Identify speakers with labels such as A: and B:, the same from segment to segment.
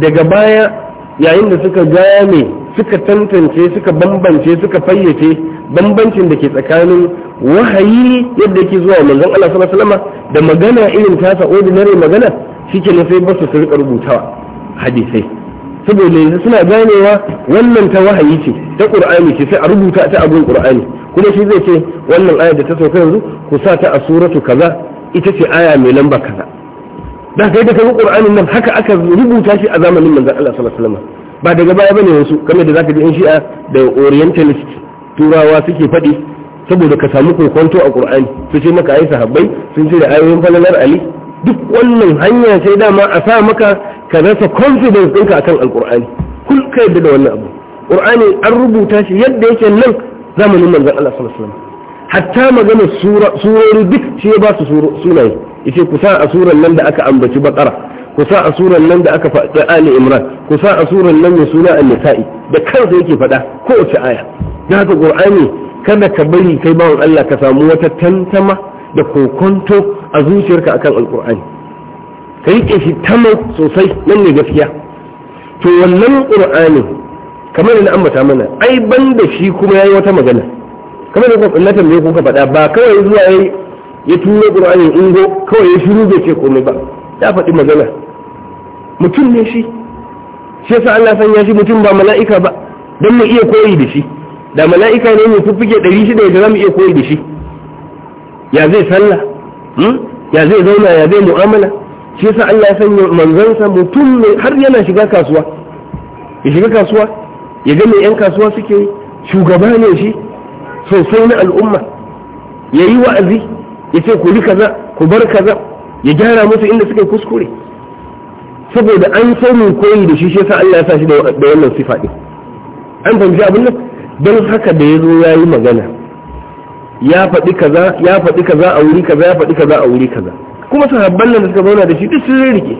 A: daga baya yayin da suka gane suka tantance suka bambance suka fayyace bambancin da ke tsakanin wahayi yadda yake zuwa manzon Allah sallallahu alaihi wasallam da magana irin tasa ordinary magana shike ne sai basu su rika rubutawa hadisai saboda yanzu suna ganewa wannan ta wahayi ce ta qur'ani ce sai a rubuta ta abin qur'ani kuma shi zai ce wannan aya da ta sauka yanzu ku sa ta a suratu kaza ita ce aya mai lamba kaza da kai da kai qur'anin nan haka aka rubuta shi a zamanin manzon Allah sallallahu alaihi wasallam ba daga baya bane wasu kamar da zaka ji in shi'a da orientalist turawa suke faɗi saboda ka samu kokonto a qur'ani su ce maka ayi sahabbai sun ce da ayoyin falalar ali duk wannan hanya sai dama a sa maka ka rasa confidence ɗinka akan alqur'ani kul ka yadda da wannan abu qur'ani an rubuta shi yadda yake nan zamanin manzon Allah sallallahu alaihi wasallam hatta maganar sura surori duk shi ba su sunaye yace ku sa a nan da aka ambaci bakara ku sa a nan da aka faɗi ali imran ku sa a nan mai suna an-nisa'i da kansa yake faɗa kowace aya da haka qur'ani kada ka bari kai bawan Allah ka samu wata tantama da kokonto a zuciyarka akan alqur'ani ka rike shi tamam sosai nan ne gaskiya to wannan qur'ani kamar da ambata mana ai ban da shi kuma yayi wata magana kamar da kuka ka kuka faɗa ba kawai zuwa yayi ya turo in go kawai ya shiru bai ce komai ba ya faɗi magana mutum ne shi shi yasa Allah san ya shi mutum ba mala'ika ba dan mu iya koyi da shi da mala'ika ne mu fuffuke 600 da zamu iya koyi da shi ya zai sallah hmm? ya zai zauna ya zai mu'amala shi yasa Allah ya sanya manzansa mutum ne har yana shiga kasuwa ya shiga kasuwa ya ga me yan kasuwa suke shugaba ne shi sosai na al'umma ya yi wa'azi ya ce ku bi kaza ku bar kaza ya gyara musu inda suka yi kuskure saboda an sani koyi da shi shi yasa Allah ya sa shi da wannan sifa din an fahimci abin nan don haka da ya zo ya yi magana ya faɗi kaza ya faɗi kaza a wuri kaza ya faɗi kaza a wuri kaza kuma sahabban nan da suka zauna da shi duk sun rike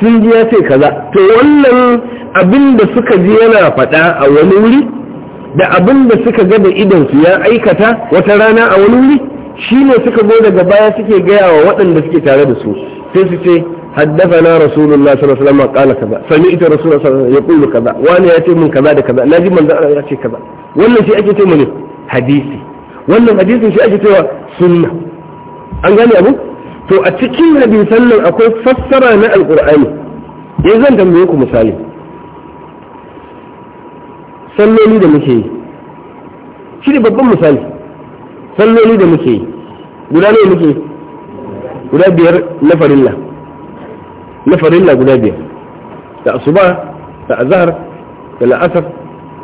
A: sun ji ya ce kaza to wannan abin da suka ji yana faɗa a wani wuri da abin da suka ga da idan su ya aikata wata rana a wani wuri shi ne suka zo daga baya suke gaya wa waɗanda suke tare da su sai su ce haddathana rasulullah sallallahu alaihi wasallam qala kaza sami'tu rasulullah sallallahu yaqulu kaza wani ya ce min kaza da kaza naji manzo Allah ya ce kaza wannan shi ake ce mu ne hadisi wannan hadisin shi ake cewa sunna an gane abu to a cikin hadisan nan akwai fassara na alqur'ani yanzu eh, zan tambaye ku misali salloli da muke yi shi ne babban misali salloli da muke yi guda ne muke guda biyar na farilla na farilla guda biyar da asuba da azhar da la'asar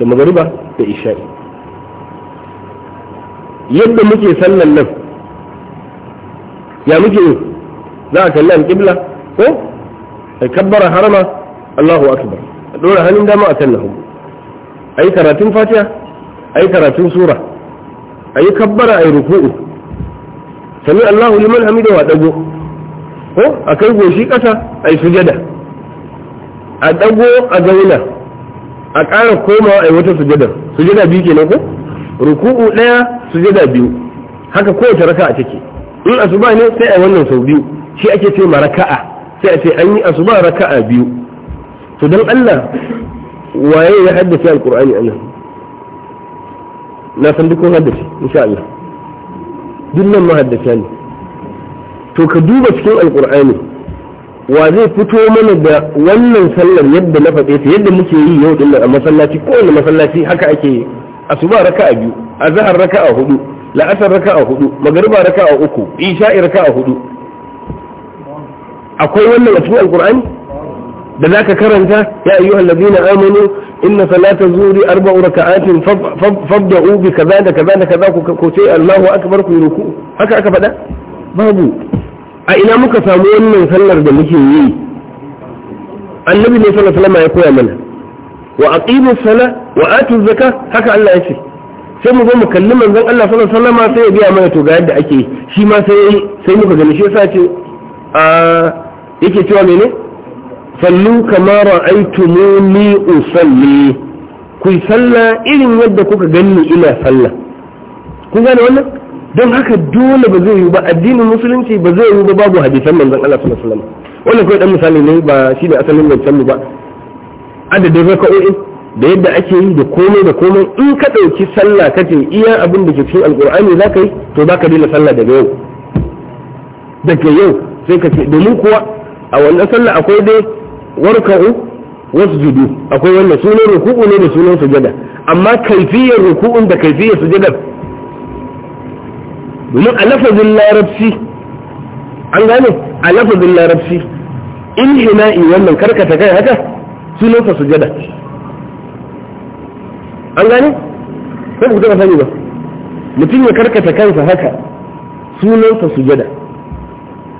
A: da magariba da isha'i yadda muke sallan nan ya muke yi za a kalli alƙibla ko a kabbara harama Allahu akbar a ɗora hannun dama a kan lahu a yi karatun fatiha a yi karatun sura a yi kabbara a yi ruku'u sami Allahu liman hamida wa dago ko a kai goshi kasa a yi sujada a dago a zauna a ƙara komawa a yi wata sujada sujada biyu nan ko ruku'u ɗaya sujada biyu haka kowace raka a take in asuba ne sai a wannan sau biyu shi ake ce ma raka'a sai a ce an yi asuba raka'a biyu to don Allah waye ya haddace alqur'ani nan? na san duk kun haddace insha Allah dinnan mahaddata ne to ka duba cikin alkur'ani wa zai fito mana da wannan sallar yadda na faɗe ta yadda muke yi yau dinnan a masallaci kowane masallaci haka ake yi asuba a biyu raka a hudu la'asar a hudu magariba a uku isha'i a hudu akwai wannan a cikin alkur'ani da za ka karanta ya ayyuhal ladina amanu inna salata zuri arba'u raka'atin fabda'u bi kaza da kaza da kaza ku ko ce Allahu akbar ku ruku haka aka faɗa babu a ina muka samu wannan sallar da muke yi annabi ne sallallahu alaihi wasallam ya koya mana wa aqimu sala wa atu zakah haka Allah ya ce sai mu zo mu kalli manzon Allah sallallahu alaihi wasallam sai ya biya mana to ga yadda ake shi ma sai sai muka gani shi yasa ce a ah, yake cewa menene sallu kama ra'aytumuni usalli ku salla irin yadda kuka ganni ina salla kun gane wannan don haka dole ba zai yi ba addinin musulunci ba zai yi ba babu hadisan manzon Allah sallallahu alaihi wasallam wannan kai dan misali ne ba shi asalin zancen ba adadin raka'oi da yadda ake yi da komai da komai in ka ɗauki sallah kace iya abin da ke cikin kurani za ka yi to zaka ka daina sallah daga yau daga yau sai ka ce domin kuwa a wannan sallah akwai dai warka'u wasjudu akwai wannan sunan ruku'u ne da sunan sujada amma kaifiyar ruku'un da kaifiyar sujadar domin a lafazin larabci an gane a lafazin larabci in hina'i wannan karkata kai haka sunansa sujada an gane sai ku taɓa sani ba mutum ya karkata kansa haka sunansa sujada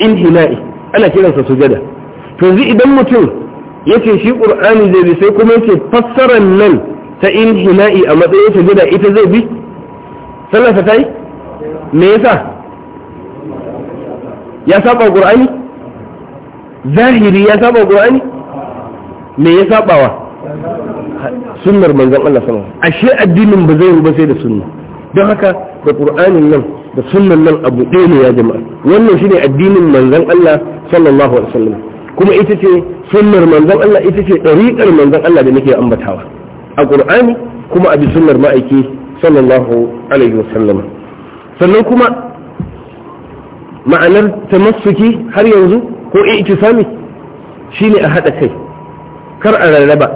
A: in hina'i ana kiransa sujada to zai idan mutum yace shi qur'ani zai bi sai kuma yace fassarar nan ta inhina'i a matsayin sujada ita zai bi sallar ta yi me yasa ya saba qur'ani zahiri ya saba qur'ani me ya sabawa sunnar manzon Allah sallallahu alaihi ashe addinin ba zai ruba sai da sunna don haka da qur'anin nan da sunnan nan abu ɗaya ne ya jama'a wannan shine addinin manzon Allah sallallahu alaihi wasallam kuma ita ce sunnar manzon Allah ita ce ɗariƙar manzon Allah da nake ambatawa a ƙur'ani kuma a bi sunnar ma'aiki sallallahu alaihi wasallam sannan kuma ma'anar tamassuki har yanzu ko i'tisami shine a haɗa kai kar a rarraba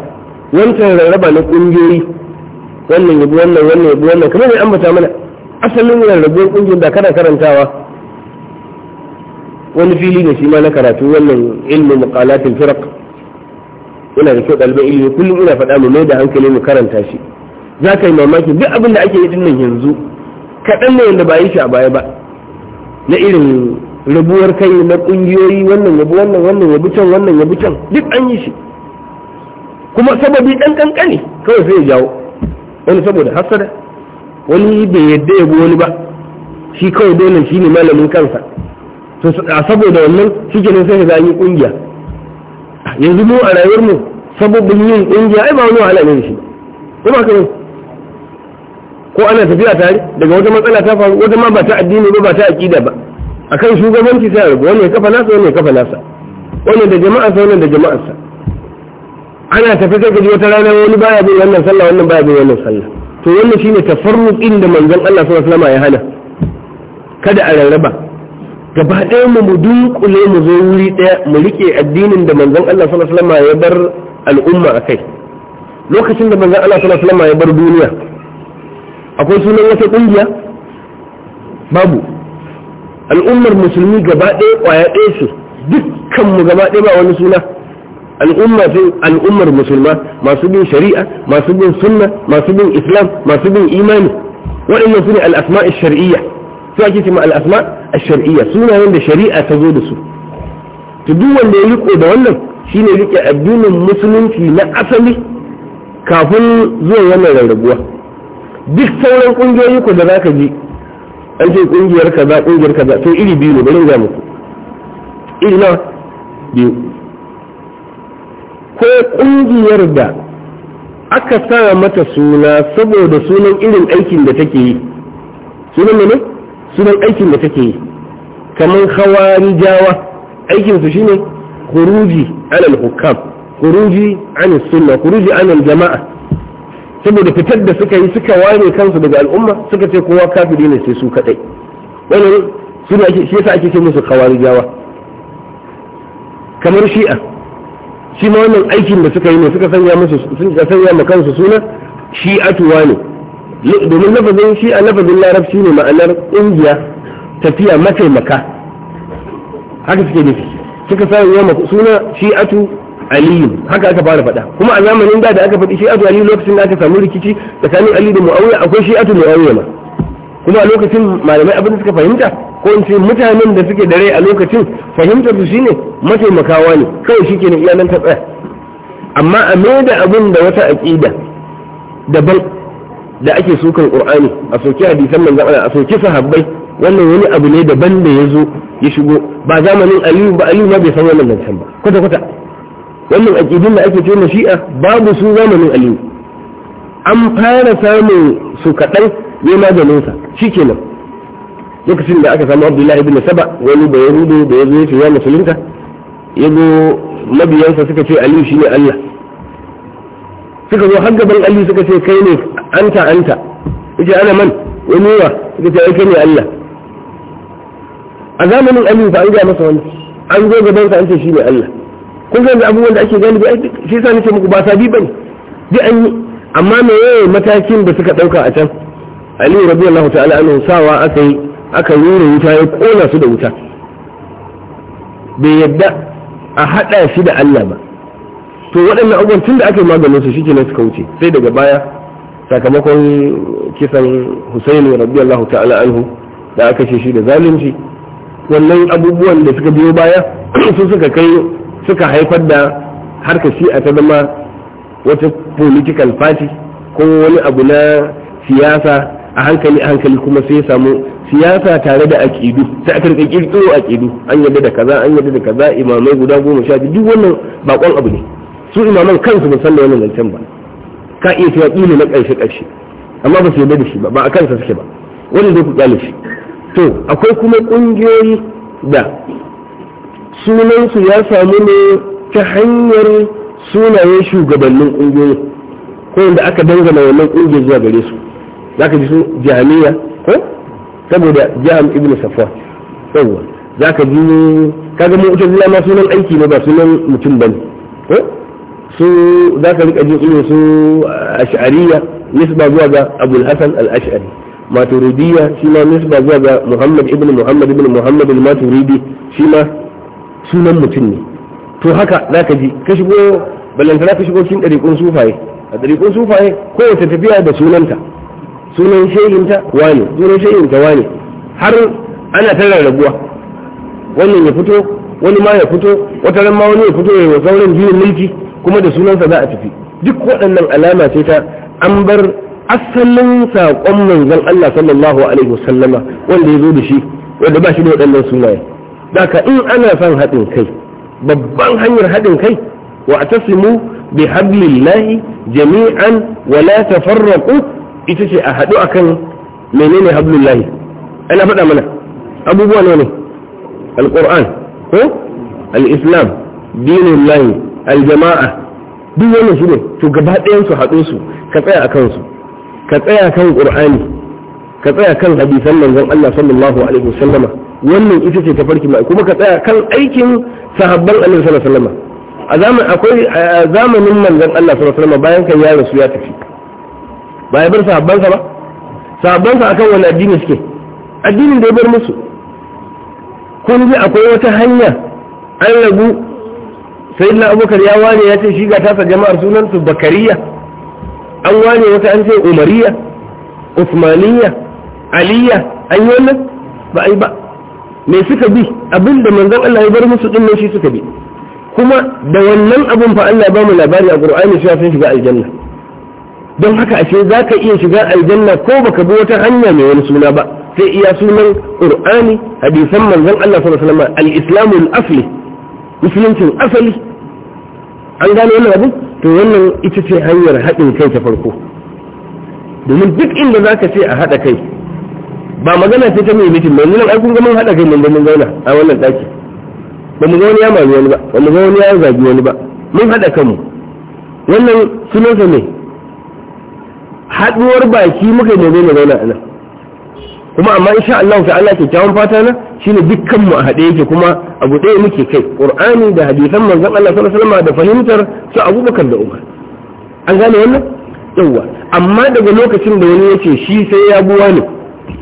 A: wancan rarraba na ƙungiyoyi wannan yabi wannan wannan yabi wannan kamar ne ambata mana asalin rarrabuwar ƙungiyoyi da kana karantawa wani fili ne shi ma na karatu wannan ilmin muƙalatin firq ina da kyau ɗaliban ilimi kullum ina faɗa mu mai da hankali mu karanta shi za ka yi mamaki duk abin da ake yi dinnan yanzu kaɗan ne wanda ba yi shi a baya ba na irin rabuwar kai na ƙungiyoyi wannan yabi wannan wannan yabi can wannan yabi can duk an yi shi kuma sababi ɗan ƙanƙani kawai sai ya jawo wani saboda hasada wani bai yadda yabo wani ba shi kawai dole shi ne malamin kansa to saboda wannan suke ne sai ka yi kungiya yanzu mu a rayuwar mu sabobin yin kungiya ai ba wani wahala ne shi ko ba kai ko ana tafiya tare daga wata matsala ta faru wata ma ba ta addini ba ba ta aqida ba akan shugabanci sai rubu wannan kafa nasa wannan kafa nasa wannan da jama'a sa wannan da jama'a sa ana tafi sai ka wata rana wani baya bin wannan sallah wannan baya bin wannan sallah to wannan shine tafarruqin da manzon Allah sallallahu alaihi wasallam ya hana kada a rarraba gaba ɗaya mu mu dunkule mu zo wuri ɗaya mu rike addinin da manzon Allah sallallahu alaihi wasallam ya bar al'umma akai lokacin da manzon Allah sallallahu alaihi wasallam ya bar duniya akwai sunan wata kungiya babu al'ummar musulmi gaba ɗaya kwaya ɗaya su dukkan mu gaba ɗaya ba wani suna al'umma al'ummar musulma masu bin shari'a masu bin sunna masu bin islam masu bin imani waɗannan su ne al-asma'i shar'iyya su ake cewa al'asma a shari'a, sunayen da shari'a ta zo da su to duk wanda ya riko da wannan shine rike addinin musulunci na asali kafin zuwa wannan rarrabuwa duk sauran kungiyoyi ku da zaka ji an ce kungiyar kaza kungiyar kaza to iri biyu ne bari ga muku iri na biyu ko kungiyar da aka sa mata suna saboda sunan irin aikin da take yi sunan ne ne sunan aikin da take yi kamar khawarijawa aikin su shine khuruji ala hukam khuruji anan sunna khuruji anan jamaa saboda fitar da suka yi suka wane kansu daga al'umma suka ce kowa kafiri ne sai su kadai wannan suna shi yasa ake ce musu khawarijawa kamar shi'a shi ma wannan aikin da suka yi ne suka sanya musu suka sanya ma kansu suna shi'atuwa ne domin lafazin shi a lafazin larabci ne ma'anar ƙungiya tafiya mataimaka haka suke nufi suka sa yamma suna shi'atu aliyu haka aka fara faɗa kuma a zamanin da da aka faɗi shi'atu aliyu lokacin da aka samu rikici tsakanin aliyu da mu'awiya akwai shi'atu mu'awiya ma kuma a lokacin malamai abin da suka fahimta ko in ce mutanen da suke da rai a lokacin fahimtar su shine mataimakawa ne kawai shi kenan iyalan ta tsaya amma a da abin da wata aƙida daban da ake sukan qur'ani a soke hadisan manzo Allah a soke sahabbai wannan wani abu ne daban da ya zo ya shigo ba zamanin aliyu ba aliyu ma bai san wannan zancen ba kwata kwata wannan aqidin da ake cewa shi'a babu su zamanin aliyu an fara samun su kaɗan ne maganin sa shikenan lokacin da aka samu abdullahi ibn saba wani da ya rudo da ya zo ya musulunta ya zo mabiyansa suka ce aliyu shine Allah suka zo har gaban ali suka ce kai ne anta anta yace ana man wani wa suka ce kai ne allah a zamanin ali ba an ga masa wani an zo gaban sa an ce shi ne allah kun ga abubuwan da ake gani ba shi yasa nace muku ba sabi bane duk an yi amma me yayi matakin da suka dauka a can ali radiyallahu ta'ala anhu sawa aka yi aka rura wuta ya kona su da wuta bai yadda a hada shi da Allah ba to waɗannan abubuwan tun da aka yi maganin su shikenan suka wuce sai daga baya sakamakon kisan Husaini radiyallahu ta'ala anhu da aka ce shi da zalunci wannan abubuwan da suka biyo baya su suka kai suka haifar da harka shi a ta zama wata political party ko wani abu na siyasa a hankali a hankali kuma sai samu siyasa tare da aƙidu sai aka rika aƙidu an yadda da kaza an yadda da kaza imamai guda goma sha biyu duk wannan bakon abu ne su imaman kansu ba san da wannan zancen ba ka iya cewa ƙili na ƙarshe ƙarshe amma ba su yarda da shi ba ba a kansa suke ba wanda zai ku ƙyale shi to akwai kuma ƙungiyoyi da sunansu ya samu ne ta hanyar sunayen shugabannin ƙungiyoyi ko wanda aka dangana wannan ƙungiyar zuwa gare su za ka ji su jami'a ko saboda jiham ibn safa yawwa za ka ji kaga mu'tazila ma sunan aiki ne ba sunan mutum bane ne. su za ka rika jin irin su eh, ash'ariya nisba zuwa ga abul hasan al-ash'ari maturidiyya shi ma nisba zuwa ga muhammad ibn muhammad ibn muhammad al-maturidi shi ma sunan mutum ne to haka za ka ji ka shigo ballantana ka shigo cikin ɗariƙun sufaye a ɗariƙun sufaye kowace tafiya da sunanta sunan shehinta wane sunan shehinta wane har ana ta rarrabuwa wannan ya fito wani ma ya fito wata ran ma wani ya fito ya yi sauran juyin mulki kuma da sunansa za a tafi duk waɗannan alama ce ta an bar asalin saƙon manzon Allah sallallahu alaihi wasallama wanda ya zo da shi wanda ba shi da waɗannan sunaye daka in ana son haɗin kai babban hanyar haɗin kai wa tasimu bi hablillahi jami'an wa la tafarraqu ita ce a haɗu akan menene hablullahi ana faɗa mana abubuwa ne ne alquran ko al-islam dinullahi aljama'a duk wannan shi ne to gaba ɗayan su haɗo su ka tsaya a kansu ka tsaya kan qur'ani ka tsaya kan hadisan manzon Allah sallallahu alaihi wasallama wannan ita ce tafarki mai kuma ka tsaya kan aikin sahabban Allah sallallahu alaihi wasallama a zamanin akwai a zamanin manzon Allah sallallahu alaihi wasallama bayan kan ya rasu ya tafi ba ya bar sahabbansa ba sahabbansa akan wani addini suke addinin da ya bar musu kun ji akwai wata hanya an ragu. sai na abubakar ya wane ya ce shi ga tasa jama'ar sunan su bakariya an wane wata an ce umariya usmaniya aliya an yi wannan ba ai ba me suka bi abinda manzon Allah ya bar musu din ne shi suka bi kuma da wannan abin fa Allah ba mu labari a Qur'ani cewa sun shiga aljanna don haka ashe za ka iya shiga aljanna ko baka bi wata hanya mai wani suna ba sai iya sunan Qur'ani hadisan manzon Allah sallallahu alaihi wasallam al-islamu al-asli musuluncin asali an gane wannan abin to wannan ita ce hanyar haɗin kai ta farko domin duk inda za ka ce a haɗa kai ba magana ce ta mai mitin mai nuna gaman haɗa kai mun mun zauna a wannan ɗaki ba mu zauna ya mari wani ba ba mu zauna ya zagi wani ba mun haɗa kanmu wannan sunansa ne haɗuwar baki muka yi mai zauna a nan kuma amma insha Allah fa Allah ke kyakkyawan fata na shine dukkan mu a haɗe yake kuma abu ɗaya muke kai Qur'ani da hadisan manzon Allah sallallahu alaihi wasallam da fahimtar su Abubakar da Umar an gane wannan yawa amma daga lokacin da wani yace shi sai ya buwa ne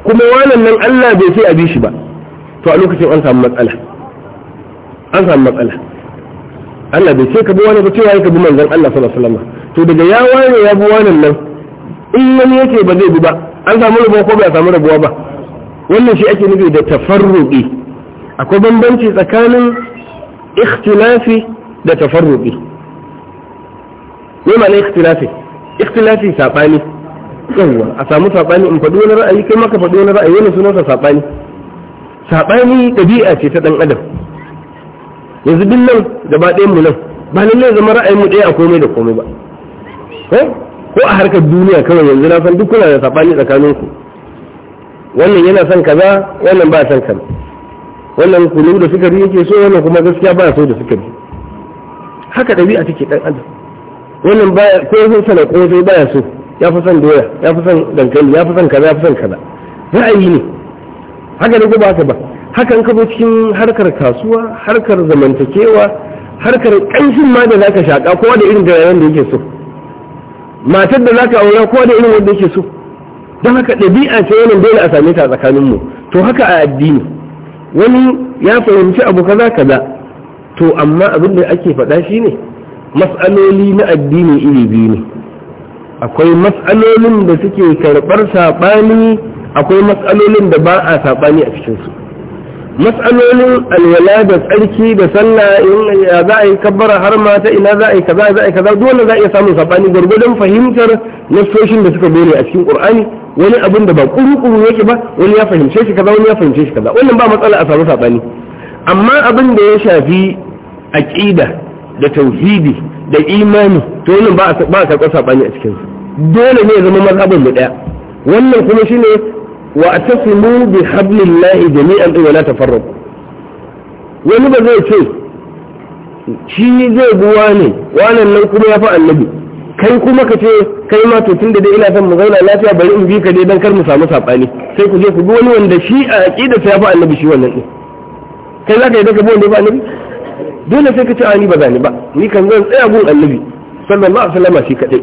A: kuma wannan nan Allah bai sai a bi shi ba to a lokacin an samu matsala an samu matsala Allah bai sai ka bi wani ba cewa ka bi manzon Allah sallallahu alaihi wasallam to daga ya ware ya bi nan in wani yake ba zai bi ba an samu rabuwa ko bai samu rabuwa ba wannan shi ake nufi da tafarruqi akwai bambanci tsakanin ikhtilafi da tafarruqi me ma'ana ikhtilafi ikhtilafi sabani yawwa a samu saɓani in faɗi wani ra'ayi kai maka faɗi wani ra'ayi wani sunansa saɓani. Saɓani ɗabi'a ce ta ɗan adam yanzu bin nan gaba ɗayan mu nan ba lallai zama ra'ayin mu ɗaya a komai da komai ba ko a harkar duniya kawai yanzu na san duk kuna da saɓani tsakaninku ku wannan yana son kaza wannan ba son kaza wannan kunu da sukari yake so wannan kuma gaskiya ba so da sukari haka ɗabi'a take dan adam wannan ba ko sun sana ko sai baya so ya fi son doya ya fi son dankali ya fi son kaza ya fi son kaza ra'ayi ne haka ne ko ba haka ba haka in ka zo cikin harkar kasuwa harkar zamantakewa harkar ƙanshin ma da zaka shaka kowa da irin da yake so matar da zaka aura kowa da irin wanda yake so don haka ɗabi'a ce wannan dole a same ta tsakaninmu to haka a addini wani ya fahimci abu kaza kaza to amma abin da ake faɗa shi ne matsaloli na addini iri biyu ne akwai matsalolin da suke karɓar saɓani akwai matsalolin da ba a saɓani a cikinsu matsalolin alwala da tsarki da sallah in ya za a yi kabbara har ma ta ina za a yi kaza za a yi kaza dole za a iya samun sabani gwargwadon fahimtar nasoshin da suka dole a cikin qur'ani wani abin da ba kuru-kuru yake ba wani ya fahimce shi kaza wani ya fahimce shi kaza wannan ba matsala a samu sabani amma abin da ya shafi aqida da tauhidi da imani to wannan ba a karɓar sabani a cikin dole ne ya zama mazhabin mu daya wannan kuma shine واعتصموا بحبل الله جميعا ولا تفرقوا wani ba zai ce shi zai buwa ne wannan nan kuma ya fi annabi kai kuma ka ce kai ma to tun da dai ina san mu zauna lafiya bari in bi ka dai dan kar mu samu sabani sai ku je ku bi wani wanda shi a aqida ta ya fi annabi shi wannan din kai za ka yi daga bi wanda ya fi annabi dole sai ka ce ani ba zani ba ni kan zan tsaya gun annabi sallallahu alaihi wasallam shi kadai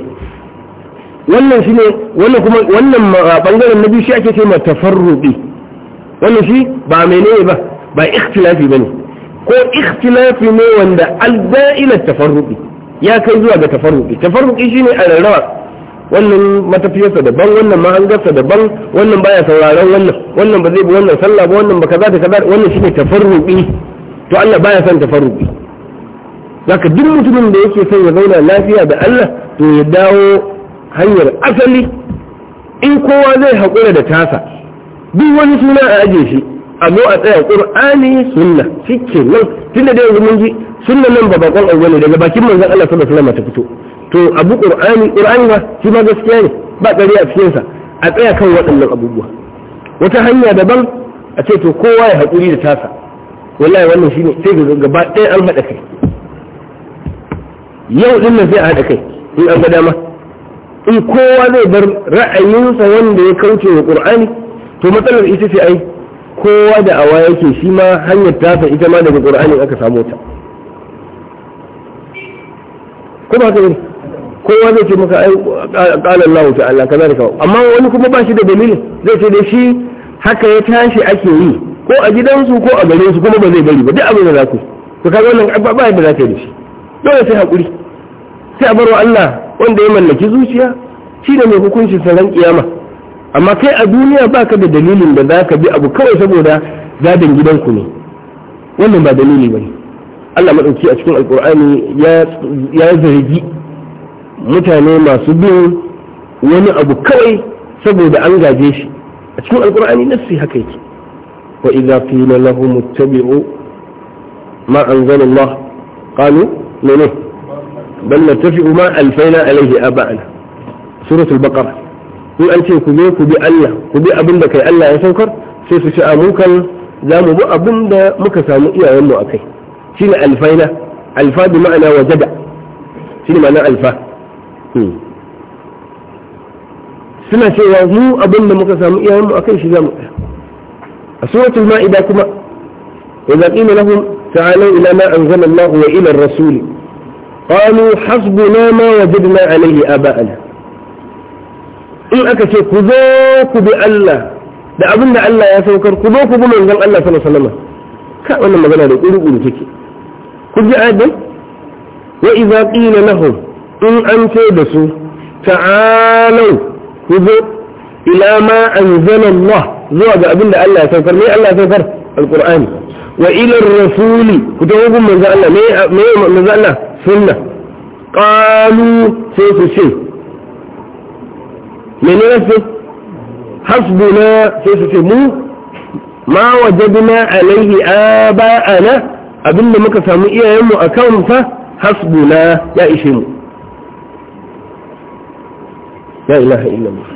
A: wannan shi ne wannan kuma wannan bangaren na biyu shi ake ce ma tafarruɗi wannan shi ba menene ba ba ikhtilafi ba ne ko ikhtilafi ne wanda alda'ilar tafarruɗi ya kai zuwa ga tafarruɗi tafarruɗi shi ne a rarrawa wannan matafiyarsa daban wannan mahangarsa daban wannan baya sauraron wannan wannan ba zai bi wannan sallah ba wannan ba kaza da kaza wannan ne tafarruqi to Allah baya son tafarruqi zaka duk mutumin da yake son ya zauna lafiya da Allah to ya dawo hanyar asali in kowa zai haƙura da tasa duk wani suna a aje shi a zo a tsaya ƙur'ani sunna shi ke nan tun da yanzu mun ji sunna nan ba bakon abu ne daga bakin manzan Allah sallallahu alaihi wasallam ta fito to abu ƙur'ani ƙur'ani ba shi ma gaskiya ne ba ƙarya a cikin sa a tsaya kan waɗannan abubuwa wata hanya daban a ce to kowa ya haƙuri da tasa wallahi wannan shine sai ga gaba ɗaya an haɗa kai yau ɗin nan sai a haɗa kai in an ga dama in kowa zai bar ra'ayinsa wanda ya kauce wa qur'ani to matsalar ita ce ai kowa da awa yake shi ma hanyar tafa ita ma daga qur'ani aka samu ta ko ba ka kowa zai ce maka ai qala Allah ta'ala kaza da kawo amma wani kuma ba shi da dalilin zai ce da shi haka ya tashi ake yi ko a gidansu ko a garinsu kuma ba zai bari ba duk abin da za ku ka kaga wannan ba ba da za ka yi da shi dole sai hakuri sai a baro Allah wanda ya mallaki zuciya shi da mai hukuncin saran kiyama amma kai a duniya baka da dalilin da za ka bi abu kawai saboda gadon gidanku ne wannan ba dalili ba ne Allah maɗauki a cikin alƙur'ani ya zargi mutane masu bin wani abu kawai saboda an gaje shi a cikin alƙur'ani nassi haka yake wa idza qila lahum ittabi'u ma anzala ne. qalu بل نتفق ما ألفينا عليه أبعنا سورة البقرة قل أنت كبيرك بألا كبير أبندك ألا يسوكر سيسو شعاموكا لامو بو أبند مكسامو ومو أكي سين ألفينا ألفا بمعنى وجدع سين معنى ألفا سنة شعاموكا مو أبند مكسامو إيا ومو أكي شزامو سورة المائدة كما إذا قيم لهم تعالوا إلى ما أنزل الله وإلى الرسول qalu hasbuna ma wajadna alayhi aba'ana in aka ce ku zo ku bi Allah da abin da Allah ya saukar ku zo ku bi manzon Allah sallallahu alaihi wasallam ka wannan magana da kuru-kuru take ku ji adam wa idza qila lahum in an ce da su ta'alu ku zo ila ma anzala Allah zuwa ga abin da Allah ya saukar me Allah ya saukar alqur'ani wa ila ar-rasuli ku tawo manzon Allah me manzon Allah sunna qalu sai su ce menene su hasbuna sai su ce mu ma waje wajadna alaihi aba'ana abinda muka samu iyayenmu a akan fa hasbuna ya ishe mu la ilaha illallah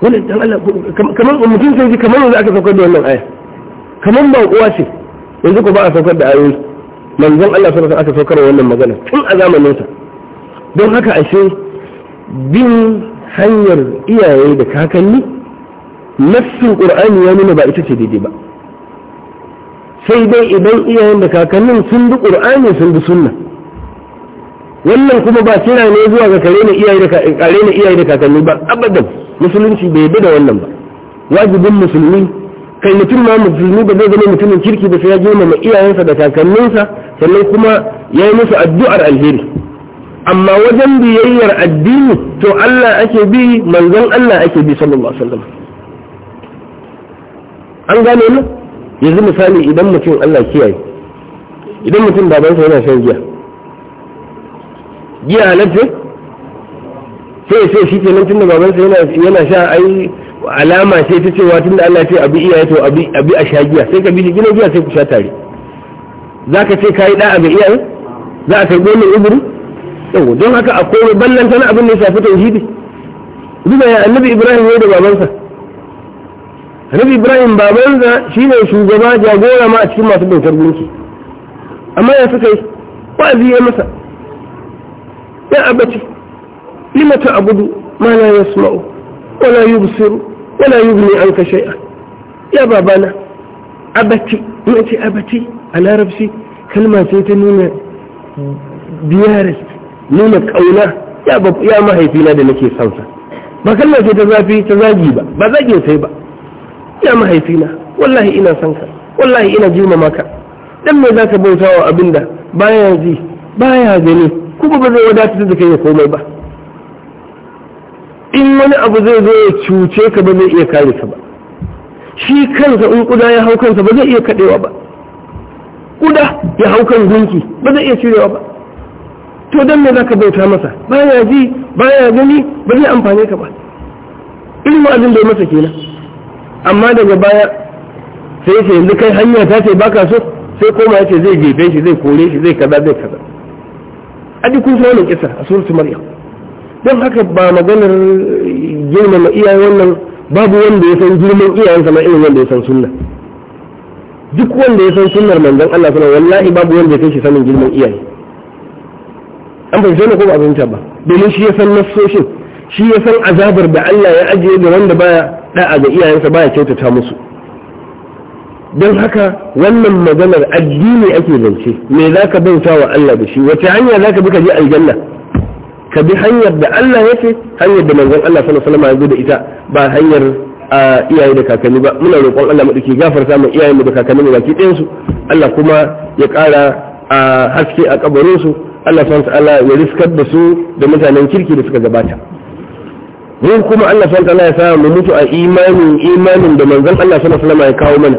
A: Wani dan Allah kamar mutum sai ji kamar yanzu aka saukar da wannan aya kamar ba uwa ce yanzu ku ba a saukar da ayoyi manzon Allah sun aka saukar wannan magana tun a zamaninsa don haka ashe bin hanyar iyaye da kakanni nassin ƙur'ani ya nuna ba ita ce daidai ba sai dai idan iyayen da kakannin sun bi ƙur'ani sun bi sunna wannan kuma ba kira ne zuwa ga kare na iyaye da kakanni ba abadan musulunci bai yadda da wannan ba wajibin musulmi kai mutum ma musulmi ba zai zama mutumin kirki ba sai ya girmama iyayensa da kakanninsa sannan kuma ya yi musu addu'ar alheri amma wajen biyayyar addini to Allah ake bi manzon Allah ake bi sallallahu alaihi wasallam an gane mu yanzu misali idan mutum Allah kiyaye idan mutum babansa yana shan giya giya halatta sai sai shi kenan tunda babansa yana sha ai alama ce ta cewa tun da Allah ce abi iyaye to abi a shagiya sai ka bi shi gina giya sai ku sha tare za ka ce ka yi abi ga iyaye za a yi wannan uzuri yau don haka akwai ballan tana abin da ya shafi tauhidi duba ya annabi ibrahim ne da babansa annabi ibrahim babansa shine shugaba jagora ma a cikin masu bautar gunki amma ya suka yi wa'azi ya masa ya abaci lima ta abudu ma la yasma'u wala yubsiru wala yughni anka shay'a ya babana abati ina ce abati a larabci kalma ce ta nuna biyaris nuna kauna ya mahaifina da nake son ba kalma ce ta zafi ta zagi ba ba zagin sai ba ya mahaifina wallahi ina son ka wallahi ina girmama ka dan me zaka bauta wa abinda baya ji baya gani kuma ba zai wadatar da kai komai ba in wani abu zai zo ya cuce ka ba zai iya kare ka ba shi kansa in kuda ya hau kansa ba zai iya kadewa ba kuda ya hau kan gunki ba zai iya cirewa ba to don me zaka bauta masa baya ji baya gani ba zai amfane ka ba irin wa'azin da ya masa kenan amma daga baya sai ce yanzu kai hanya ta ce baka so sai koma ya ce zai jefe shi zai kore shi zai kaza zai kaza a kun san wani kisa a suratul maryam don haka ba maganar girmama iyayen wannan babu wanda ya san girman iyayensa ma irin wanda ya san sunna duk wanda ya san sunnar manzon Allah sunan wallahi babu wanda ya kai shi sanin girman iyaye an fahimce ne ko ba fahimta ba domin shi ya san nasoshin, shi ya san azabar da Allah ya ajiye da wanda baya da'a ga iyayensa baya kyautata musu don haka wannan maganar addini ake zance me zaka bauta wa Allah da shi wace hanya zaka bi ka je aljanna ka bi hanyar da Allah ya ce hanyar da manzon Allah sallallahu alaihi wasallam ya zo da ita ba hanyar a iyaye da kakanni ba muna roƙon Allah madauki gafarta mu iyaye mu da kakanni mu baki ɗayan su Allah kuma ya ƙara a haske a kabarin su Allah alaihi wasallam ya riskar da su da mutanen kirki da suka gabata mu kuma Allah alaihi wasallam ya sa mu mutu a imanin imanin da manzon Allah sallallahu alaihi wasallam ya kawo mana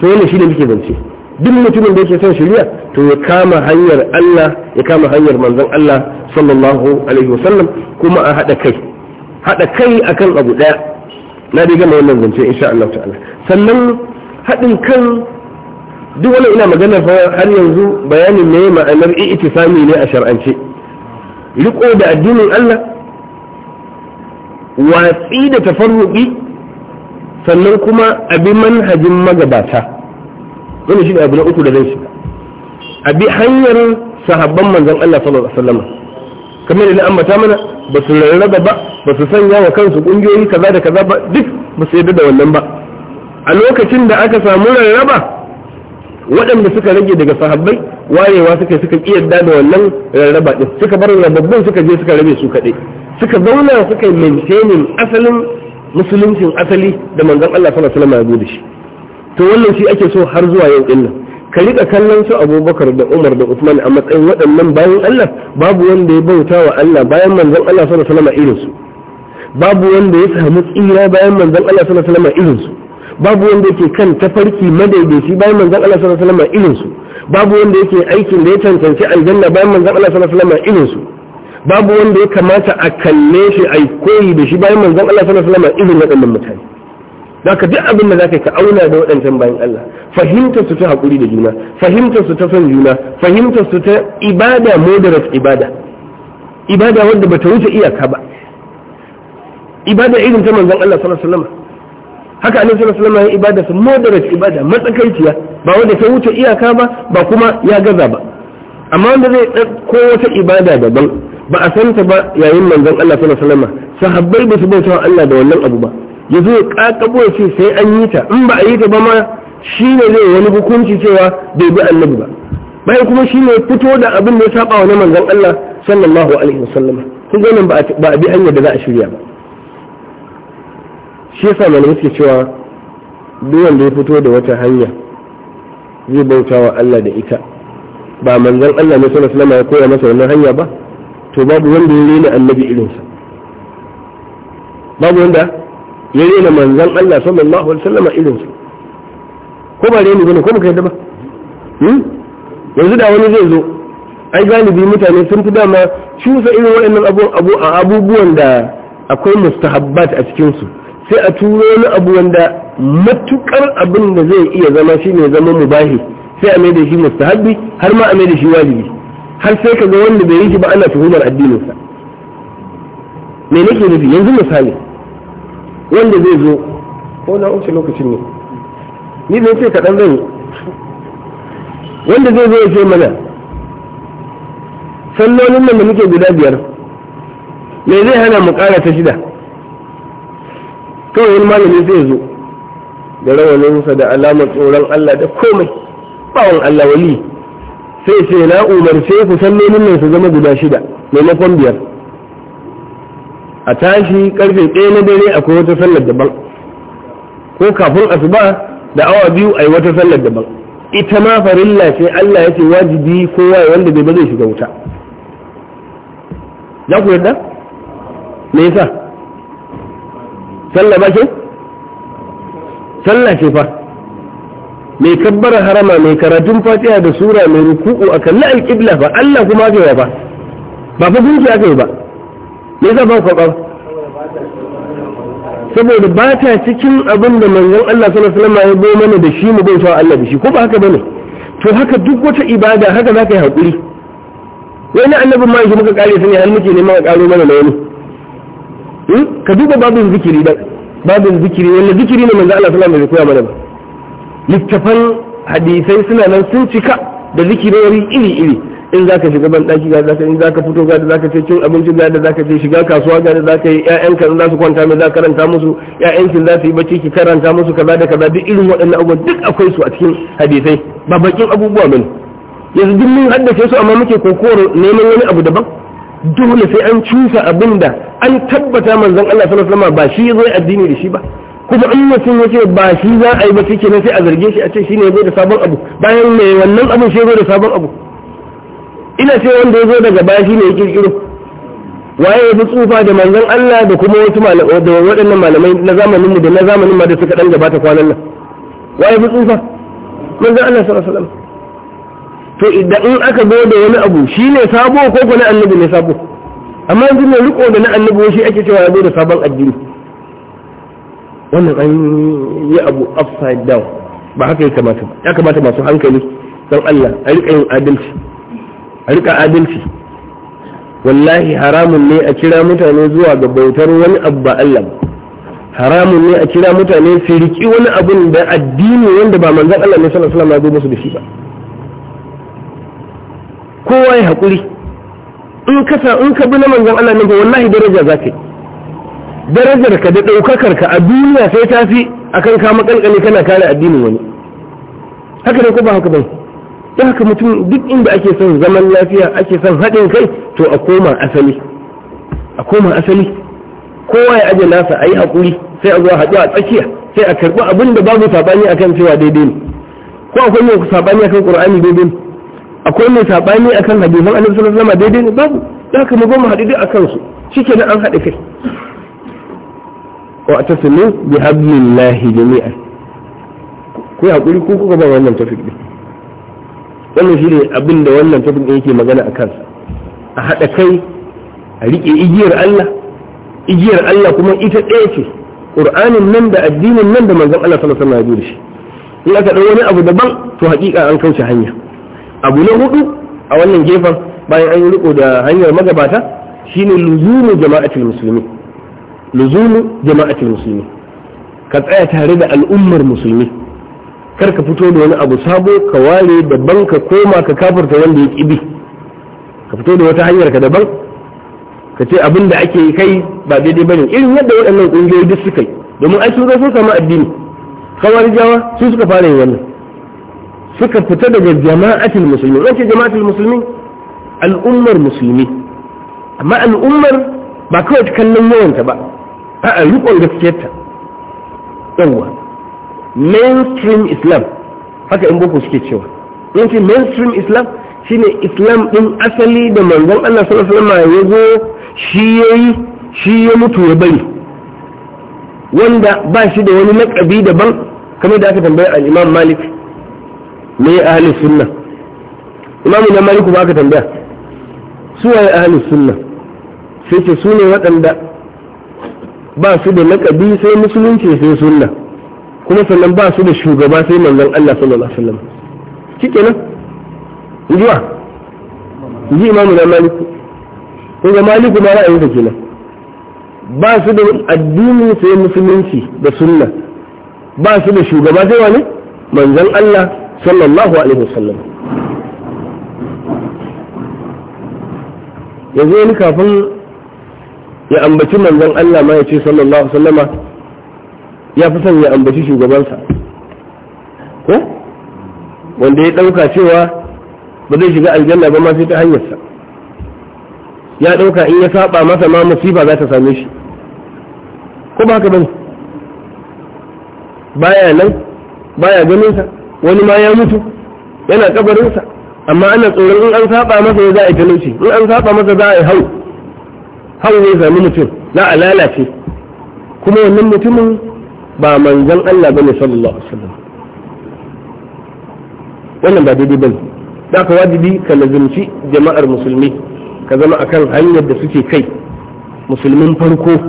A: to wannan shine muke zance duk mutumin da yake son shari'a to ya kama hanyar Allah ya kama hanyar manzon Allah sallallahu alaihi wasallam kuma a hada kai hada kai akan abu daya na dai gama wannan zance insha Allah ta'ala sannan hadin kan duk wani ina magana har yanzu bayanin me ma'anar i'tisami ne a shar'ance riko da addinin Allah watsi da tafarruqi sannan kuma abin manhajin magabata wannan shine abu na uku da zai shiga a bi hanyar sahabban manzon Allah sallallahu alaihi wasallam kamar da ambata mana ba su rarraba ba ba su sanya wa kansu kungiyoyi kaza da kaza ba duk ba su yarda da wannan ba a lokacin da aka samu rarraba waɗanda suka rage daga sahabbai wayewa suka suka kiyarda da wannan rarraba din suka bar rababbin suka je suka rabe su kaɗai suka zauna suka yi maintaining asalin musuluncin asali da manzon Allah sallallahu alaihi wasallam ya zo da shi to wannan shi ake so har zuwa yau din nan ka rika kallon su abubakar da umar da usman a matsayin waɗannan bayan allah babu wanda ya bauta wa allah bayan manzon allah sallallahu alaihi wasallam irin su babu wanda ya samu tsira bayan manzon allah sallallahu alaihi wasallam irin su babu wanda yake kan tafarki madaidaici bayan manzon Allah sallallahu alaihi wasallam irin su babu wanda yake aikin da ya cancanci aljanna bayan manzon Allah sallallahu alaihi wasallam irin su babu wanda ya kamata a kalle shi a koyi da shi bayan manzon Allah sallallahu alaihi wasallam irin waɗannan mutane da ka duk abin da za ka yi ka auna da waɗancan bayan Allah fahimtar su ta haƙuri da juna fahimtar su ta son juna fahimtar su ta ibada moderate ibada ibada wadda bata wuce iyaka ba ibada irin ta manzon Allah sallallahu alaihi wasallam haka annabi sallallahu alaihi wasallam ibada su moderate ibada matsakaiciya ba wanda ta wuce iyaka ba ba kuma ya gaza ba amma wanda zai ko wata ibada daban ba a santa ba yayin manzon Allah sallallahu alaihi wasallam sahabbai ba su bauta Allah da wannan abu ba ya zo ya kakabo ce sai an yi ta in ba a yi ta ba ma shi ne zai wani hukunci cewa bai bi annabi ba bayan kuma shi ne fito da abin da ya saba wa zan Allah sallallahu alaihi wasallam kun ga ba a bi hanyar da za a shirya ba shi ya sa mana suke cewa duk wanda ya fito da wata hanya zai bauta wa Allah da ita ba manzon Allah ne sallallahu alaihi wasallam ya koya masa wannan hanya ba to babu wanda ya rena annabi irinsa babu wanda ya rena manzan Allah sallallahu alaihi wasallam irin su ko ba rena gani ko muka yadda ba hmm? yanzu da wani zai zo ai galibi mutane sun fi dama cusa irin waɗannan abubuwan da akwai mustahabbat a cikin su sai a turo wani abu wanda matukar abin da zai iya zama shine zama mubahi sai a mai da shi mustahabbi har ma a mai da shi wajibi har sai kaga wanda bai yi shi ba ana tuhumar addininsa me nake nufi yanzu misali wanda zai zo ko na wuce lokacin ne ni zai ce kaɗan zai wanda zai zo ya ce mana sallolin nan da muke guda biyar me zai hana mu ƙara ta shida kawai wani malami zai zo da rawaninsa da alamar tsoron Allah da komai bawan Allah wali sai ce na umarce ku sallolin nan su zama guda shida maimakon biyar a tashi karfe ɗaya na dare akwai wata sallar daban ko kafin asuba da awa biyu a yi wata sallar daban ita ma farilla ce Allah ya ce wajibi kowa wanda bai ba zai shiga wuta za ku yarda me yasa sallah ba ce sallah ce fa mai kabbar harama mai karatun fatiha da sura mai ruku'u a kalli alƙibla fa Allah kuma aka ba ba fa gunki aka yi ba me yasa ba saboda ba ta cikin abin da manzon Allah sallallahu alaihi wasallam ya bo mana da shi mu bauta Allah da shi ko ba haka bane to haka duk wata ibada haka zaka yi hakuri wani annabin ma yanzu muka kare sani har muke neman a karo mana da wani hmm? ka duba babin zikiri da babin zikiri wanda zikiri ne manzo Allah sallallahu alaihi wasallam bai koya mana ba littafan hadisai suna nan sun cika da zikirori iri iri in zaka shiga ban daki ga zaka in zaka fito ga zaka ce cin abinci ga zaka ce shiga kasuwa ga zaka yi ƴaƴan ka za su kwanta mai za karanta musu ƴaƴan ki za su yi bacci ki karanta musu kaza da kaza duk irin waɗannan abubuwan duk akwai su a cikin hadisai ba bakin abubuwa bane yanzu duk mun haddace su amma muke kokowar neman wani abu daban dole sai an cusa abinda an tabbata manzon Allah sallallahu alaihi wasallam ba shi zai addini da shi ba kuma in mutum ya ce ba shi za a yi ba shi kenan sai a zarge shi a ce shi ne ya zo da sabon abu bayan mai wannan abin shi ya zo da sabon abu ina ce wanda ya zo daga baya ne ya kirkiro waye ya fi tsufa da manzon Allah da kuma wasu da waɗannan malamai na zamanin mu da na zamanin ma da suka dan gabata kwanan nan waye fi tsufa manzon Allah sallallahu alaihi wasallam to idan in aka zo da wani abu shine sabo ko ko na annabi ne sabo amma yanzu ne riko da na annabi shi ake cewa ya zo da sabon addini wannan an yi abu upside down ba haka ya kamata ya kamata masu hankali don Allah a riƙa yin adalci a rika adalci wallahi haramun ne a kira mutane zuwa ga bautar wani abu ba Allah haramun ne a kira mutane su riki wani abu da addini wanda ba manzon Allah ne sallallahu alaihi wasallam ya zo musu da shi ba kowa ya hakuri in ka sa in ka bi na manzon Allah ne wallahi daraja zaka yi darajar ka da daukakar ka a duniya sai ta fi akan ka makalkale kana kare addinin wani haka ne ko ba haka bane da haka mutum duk inda ake son zaman lafiya ake son haɗin kai to a koma asali a koma asali kowa ya aje nasa a yi haƙuri sai a zuwa haɗu a tsakiya sai a karɓi abin da babu saɓani a kan cewa daidai ne ko akwai mai saɓani a kan ƙur'ani daidai ne akwai mai saɓani a kan hadisan alif sallallahu alaihi wasallam daidai ne babu da haka mu goma haɗu a kansu. shi shike an haɗe kai wa tasimu bi hablillahi jami'an ku haƙuri ku kuka ba wannan tafik din wannan shi ne abin da wannan tafin ɗin yake magana a kansa a haɗa kai a riƙe igiyar Allah igiyar Allah kuma ita ɗaya ce ƙur'anin nan da addinin nan da manzon Allah sallallahu alaihi wasallam ya shi in aka ɗau wani abu daban to haƙiƙa an kauce hanya abu na hudu a wannan gefen bayan an yi riko da hanyar magabata shine luzumu jama'atul musulmi luzumu jama'atul musulmi ka tsaya tare da al'ummar musulmi kar ka fito da wani abu sabo ka ware daban ka koma ka kafarta wanda ya kibi ka fito da wata hanyar ka daban ka ce abin da ake kai ba daidai bane irin yadda waɗannan ƙungiyoyi duk suka yi domin ai sun zo sun addini kawar jawa su suka fara yin wannan suka fita daga jama'atul musulmi wace jama'atul musulmi al'ummar musulmi amma al'ummar ba kawai kallon yawanta ba a'a riƙon gaskiyarta yawwa mainstream islam haka in boko suke cewa in ce mainstream islam shine islam din asali da manzon Allah sallallahu alaihi wasallam ya zo shi yayi shi ya mutu ya bari wanda ba shi da wani lakabi daban kamar da aka tambaya al-Imam Malik ne ahli sunna Imam na Malik ba aka tambaya su waye ahli sunna sai ce su ne waɗanda ba su da lakabi sai musulunci sai sunna kuma sannan ba su da shugaba sai manzon Allah sallallahu alaihi wasallam shikenan injiwa inji imamu da maliku ko ga maliku ma ra'ayin sa nan, ba su da addini sai musulunci da sunna ba su da shugaba sai wani manzon Allah sallallahu alaihi wasallam yanzu wani kafin ya ambaci manzon Allah ma ya ce sallallahu alaihi wasallama ya fi son ya ambaci shugabansa ko wanda ya ɗauka cewa ba zai shiga aljanna ba ma sai ta hanyarsa ya ɗauka in ya saba masa ma musifa za ta same shi ko ba haka ba baya nan baya ganinsa wani ma ya mutu yana kabarinsa amma ana tsoron in an saba masa ya za a talauci in an saba masa za a yi hau hau zai sami mutum za a lalace kuma wannan mutumin ba manzon Allah bane sallallahu alaihi wasallam wannan ba daidai bane da ka wajibi ka lazimci jama'ar musulmi ka zama akan hanyar da suke kai musulmin farko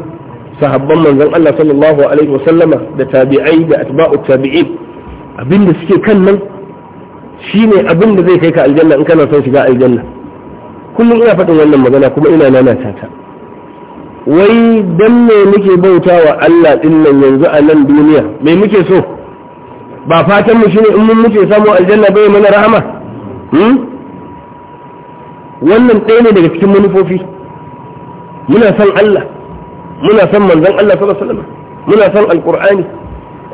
A: sahabban manzon Allah sallallahu alaihi wasallama da tabi'ai da atba'u tabi'in abinda suke kan nan shine abin da zai kai ka aljanna in kana son shiga aljanna kullum ina faɗin wannan magana kuma ina nanata ta wai dan me muke bauta wa Allah ɗin nan yanzu a nan duniya me muke so ba fatan mu shine in mun muke samu aljanna bai mana rahama hmm wannan ɗaya ne daga cikin manufofi muna son Allah muna son manzon Allah sallallahu alaihi wasallam muna son alqur'ani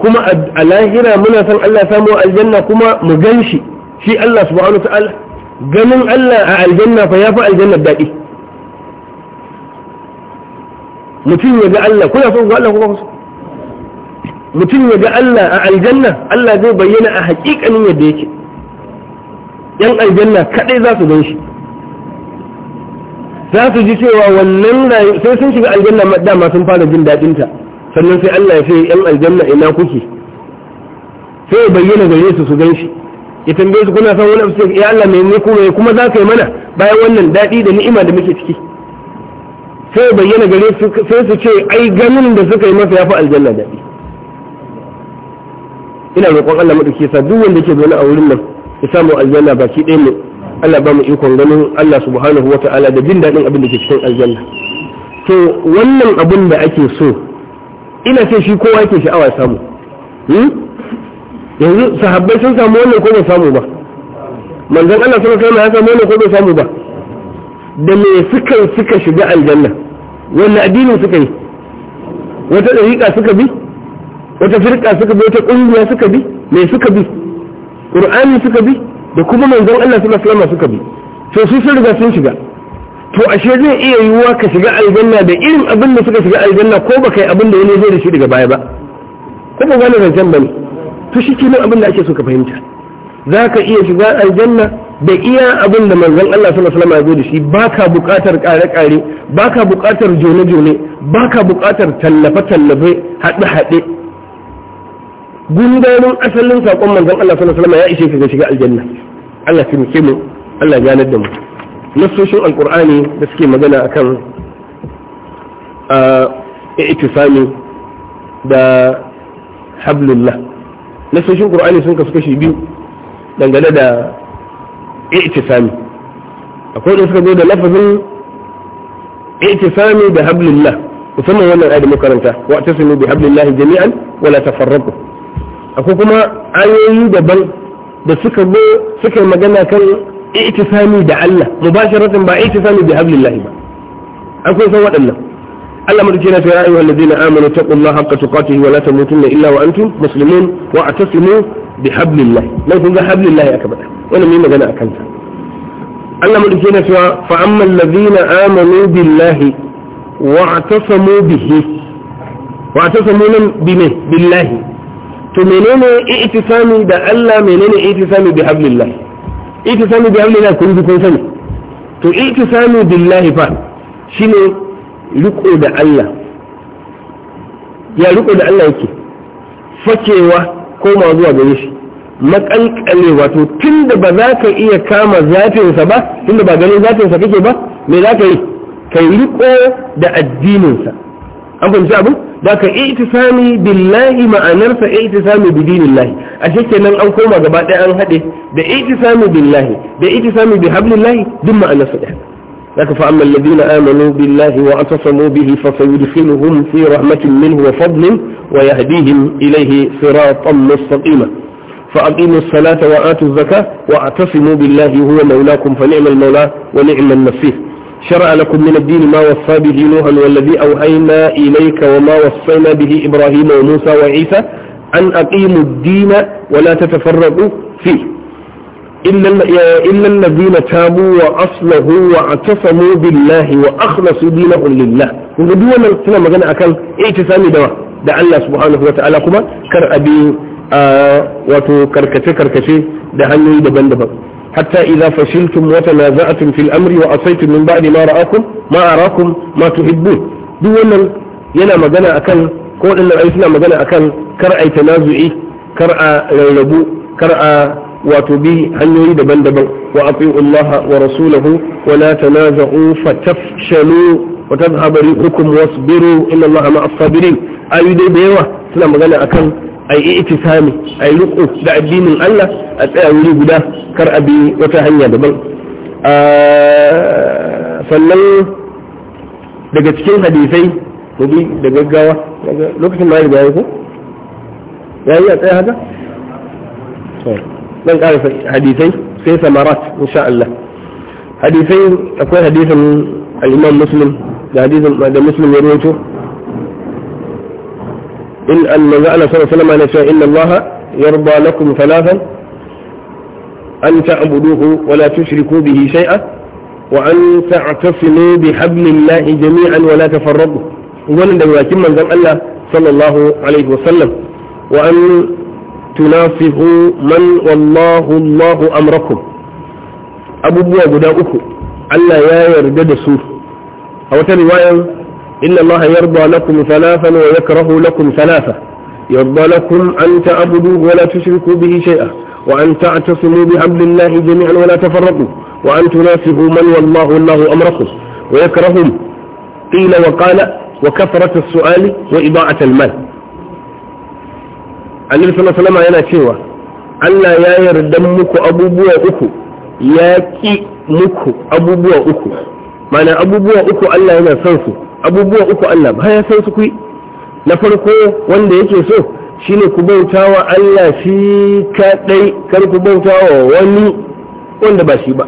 A: kuma a lahira muna son Allah samu aljanna kuma mu ganshi shi Allah subhanahu wa ta'ala ganin Allah a aljanna fa yafi aljanna daɗi mutum ya ga Allah kuna son ga Allah kuma kusa mutum ya ga Allah a aljanna Allah zai bayyana a hakikanin yadda yake yan aljanna kadai za su gan shi za su ji cewa wannan sai sun shiga aljanna dama sun fara jin daɗinta sannan sai Allah ya ce yan aljanna ina kuke sai ya bayyana gare su su gan shi ya tambaye su kuna son wani abu ya Allah mai ne kuma kuma za ka yi mana bayan wannan daɗi da ni'ima da muke ciki sai bayyana gare su sai su ce ai ganin da suka yi masa ya fi aljanna daɗi ina roƙon Allah madauki sa duk wanda yake zaune a wurin nan ya samu aljanna baki ɗaya ne Allah ba mu ikon ganin Allah subhanahu wa ta'ala da jin daɗin abin da ke cikin aljanna to wannan abin da ake so ina ce shi kowa yake sha'awa samu hmm? yanzu sahabbai sun samu wannan ko ba samu ba manzon Allah sallallahu alaihi wasallam ya samu wannan ko ba samu ba da me suka suka shiga aljanna wanda addinin suka yi wata ɗariƙa suka bi wata firqa suka bi wata ƙungiya suka bi mai suka bi ƙur'ani suka bi da kuma manzon Allah sallallahu alaihi suka bi to su sun riga sun shiga to ashe zai iya yiwuwa ka shiga aljanna da irin abin da suka shiga aljanna ko baka yi abin da wani zai da shi daga baya ba ko ba wani zancen bane to shi kenan abin da ake so ka fahimta za ka iya shiga aljanna da iya abin da manzon Allah sallallahu alaihi wasallam ya da shi baka buƙatar ƙare-ƙare baka buƙatar jone-jone baka buƙatar tallafe-tallafe haɗe-haɗe gundarin asalin saƙon manzon Allah sallallahu alaihi wasallam ya ishe ka shiga aljanna Allah ya taimake mu Allah ya da mu nasoshin alqur'ani da suke magana akan i'tisami da hablullah nasoshin qur'ani sun kasu kashi biyu dangane da i'tisami akwai da suka zo da lafazin i'tisami da hablillah musamman wannan ayat da makaranta wa tasmi bi hablillahi jami'an wa la tafarraqu akwai kuma ayoyi daban da suka zo suka magana kan i'tisami da Allah mubasharatan ba i'tisami bi hablillahi ba akwai san waɗannan Allah madauki na ya ayyuhal ladina amanu taqullaha haqqa tuqatih wa la tamutunna illa wa antum muslimun wa atasimu bi hablillah nan kun ga hablillah aka faɗa wannan mai magana a kansa Allah mu dake na cewa fa amma allazina amanu billahi wa atasamu bihi wa atasamu nan bime billahi to menene i'tisami da Allah menene i'tisami bi hablillah i'tisami bi hablillah kun ji kun sani to i'tisami billahi fa shine riko da Allah ya riko da Allah yake fakewa koma zuwa gare shi makalkale wato tunda ba za ka iya kama zafinsa ba tunda ba ganin zafinsa kake ba me za ka yi ka yi riko da addininsa an fahimci abu da ka sami billahi ma'anarsa itisami bi dinillahi a kenan an koma gaba ɗaya an haɗe da itisami billahi da itisami bi hablillahi duk ma'anarsa ɗaya لكن فأما الذين آمنوا بالله واعتصموا به فسيدخلهم في رحمة منه وفضل ويهديهم إليه صراطا مستقيما فأقيموا الصلاة وآتوا الزكاة واعتصموا بالله هو مولاكم فنعم المولى ونعم النصير شرع لكم من الدين ما وصى به نوحا والذي أوحينا إليك وما وصينا به إبراهيم وموسى وعيسى أن أقيموا الدين ولا تتفرقوا فيه إلا الذين تابوا وأصلحوا واعتصموا بالله وأخلصوا دينهم لله kun duk wannan suna magana akan i'tisami da da Allah subhanahu wa ta'ala kuma kar abi wato karkace karkace da hanyoyi daban-daban hatta idza fashiltum wa tanaza'tum fil amri wa asaytum min ba'di ma ra'akum ma arakum ma tuhibbun duk wannan yana magana akan ko dinnan ai suna magana akan kar ai tanazu'i kar a rarrabu kar a wato bi hanyoyi daban-daban wa atiu Allah wa rasulahu wa la tanaza'u fatafshalu wa tadhhabu rihukum wasbiru inna Allah ma'a as-sabirin ayu dai da yawa suna magana akan ai itisami ai riko da addinin Allah a tsaya wuri guda kar a bi wata hanya daban ah, sannan daga cikin hadisai mu bi da gaggawa lokacin ma ya riga ko yayi a tsaya haka من قال حديثين في ثمرات إن شاء الله حديثين أقول حديث الإمام مسلم حديث هذا مسلم يروته إن أن صلى الله عليه وسلم أن شاء إن الله يرضى لكم ثلاثا أن تعبدوه ولا تشركوا به شيئا وأن تعتصموا بحبل الله جميعا ولا تفرقوا ولن دعوا لكن من الله صلى الله عليه وسلم وأن تنافه من والله الله أمركم أبو قداؤكم ألا يا يرجد سور أو رواية إن الله يرضى لكم ثلاثا ويكره لكم ثلاثا يرضى لكم أن تعبدوه ولا تشركوا به شيئا وأن تعتصموا بحبل الله جميعا ولا تفرقوا وأن تنافه من والله الله أمركم ويكرهم قيل وقال وكثرة السؤال وإضاعة المال annabi sallallahu alaihi yana cewa Allah ya yarda muku abubuwa uku ya ki muku abubuwa uku mana abubuwa uku Allah yana son su abubuwa uku Allah ba ya san su ku na farko wanda yake so shine ku bautawa Allah shi kadai kar ku bautawa wani wanda ba shi ba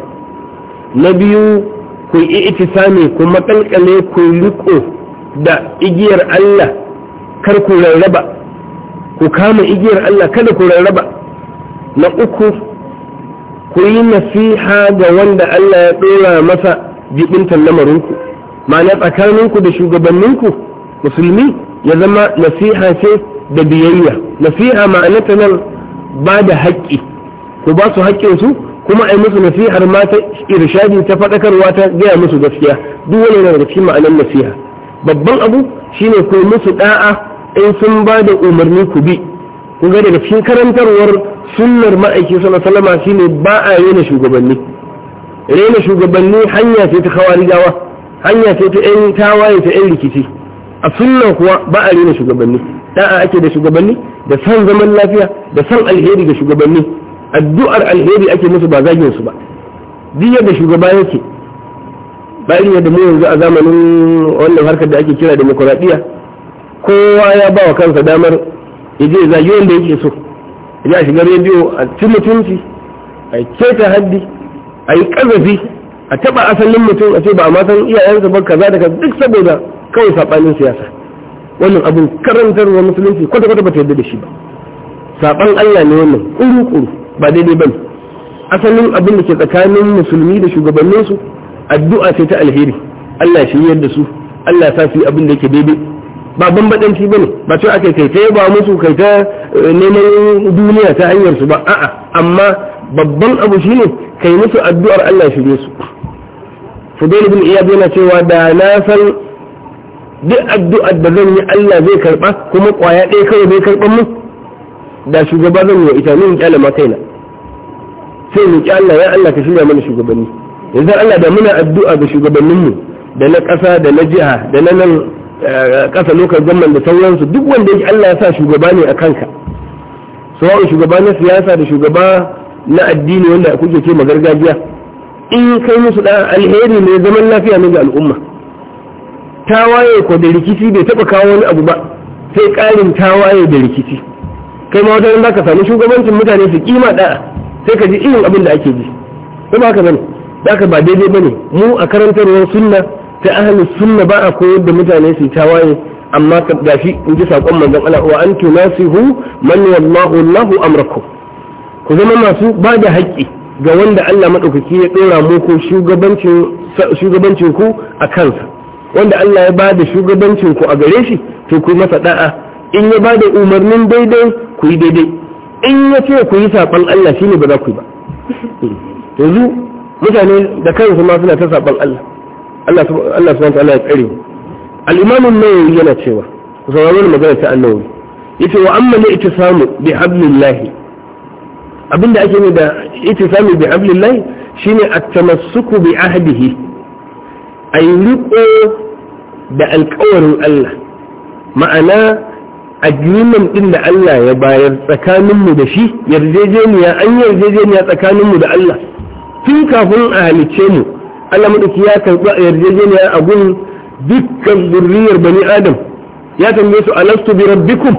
A: na biyu ku yi itisami ku makalkale ku riko da igiyar Allah kar ku rarraba ku kama igiyar Allah kada ku rarraba na uku ku yi nasiha ga wanda Allah ya ɗora masa jibintan lamarinku ma'ana tsakaninku da shugabanninku musulmi ya zama nasiha ce da biyayya nasiha ta nan ba da haƙƙi ku ba su haƙƙinsu kuma ai musu nasihar ma ta irshadi ta faɗakarwa ta gaya musu gaskiya duk wani yana daga cikin ma'anar nasiha babban abu shine ku musu ɗa'a. in sun ba da umarni ku bi kun ga daga cikin karantarwar sunnar ma'aiki sana salama shi shine ba a rena shugabanni rena shugabanni hanya ce ta gawa hanya ce ta yan tawaye ta yan rikici a sunna kuwa ba a shugabanni da'a ake da shugabanni da san zaman lafiya da san alheri ga shugabanni addu'ar alheri ake musu ba zagin su ba duk da shugaba yake ba irin yadda mu yanzu a zamanin wannan harkar da ake kira demokradiyya kowa ya ba wa kansa damar ya je zagi wanda yake so ya shiga rediyo a ci mutunci a keta haddi a yi ƙazafi a taɓa asalin mutum a ce ba a matan iyayensa ba kaza da duk saboda kawai saɓanin siyasa wannan abin karantarwa musulunci kwata-kwata ba ta yadda da shi ba saɓan allah ne wannan ƙuru ba daidai ba ne asalin abin da ke tsakanin musulmi da shugabanninsu addu'a sai ta alheri allah shi yadda su allah sa su yi abin da yake daidai ba bambadanci bane ba cewa aka kai ta ba musu kai ta eh, neman duniya ta hanyar su ba a'a amma babban abu shine kai musu addu'ar Allah shirye su Fudail ibn Iyad yana cewa da na san duk addu'ar da zan yi Allah zai karba kuma kwaya ɗaya kawai zai karban mu da shugaba zan yi ita min kyalama kaina sai in ki Allah ya Allah ka shirya mana shugabanni yanzu Allah da muna addu'a ga shugabanninmu da na ƙasa da na jiha da na nan Eh, kasa lokacin zaman da sauransu duk wanda yake Allah ya sa shugaba ne a kanka sawa'un shugaba na siyasa da shugaba na addini wanda kuke ce ma gargajiya in kai musu da alheri ne zaman lafiya ne ga al'umma tawaye ko da rikici bai taba kawo wani abu ba sai karin tawaye da rikici kai ma wajen zaka sami shugabancin mutane su kima da sai ka ji irin abin da ake ji ba haka bane zaka ba daidai bane mu a karantarwar sunna ta ahli sunna ba a koyar da mutane su tawaye amma ga shi in ji saƙon manzon Allah wa an nasihu man wallahu lahu amrakum ku zama masu ba da haƙƙi ga wanda Allah madaukaki ya dora muku shugabancin shugabancin ku a kansa wanda Allah ya bada shugabancin ku a gare shi to ku masa da'a in ya bada umarnin daidai ku yi daidai in ya ce ku yi saƙon Allah shine ba za ku yi ba yanzu mutane da kansu ma suna ta saƙon Allah Allah subhanahu ta'ala ya tsare al-imam an-nawawi yana cewa ku magana ta an-nawawi yace wa amma ne ittisamu bi hablillahi abinda ake ne da ittisamu bi hablillahi shine at-tamassuku bi ahdihi ay riqo da alƙawarin Allah ma'ana agreement din da Allah ya bayar tsakaninmu da shi yarjejeniya an yarjejeniya tsakaninmu da Allah tun kafin a halicce mu Allah madauki ya karba yarjejeniya a gun dukkan zurriyar bani adam ya tambaye su alastu bi rabbikum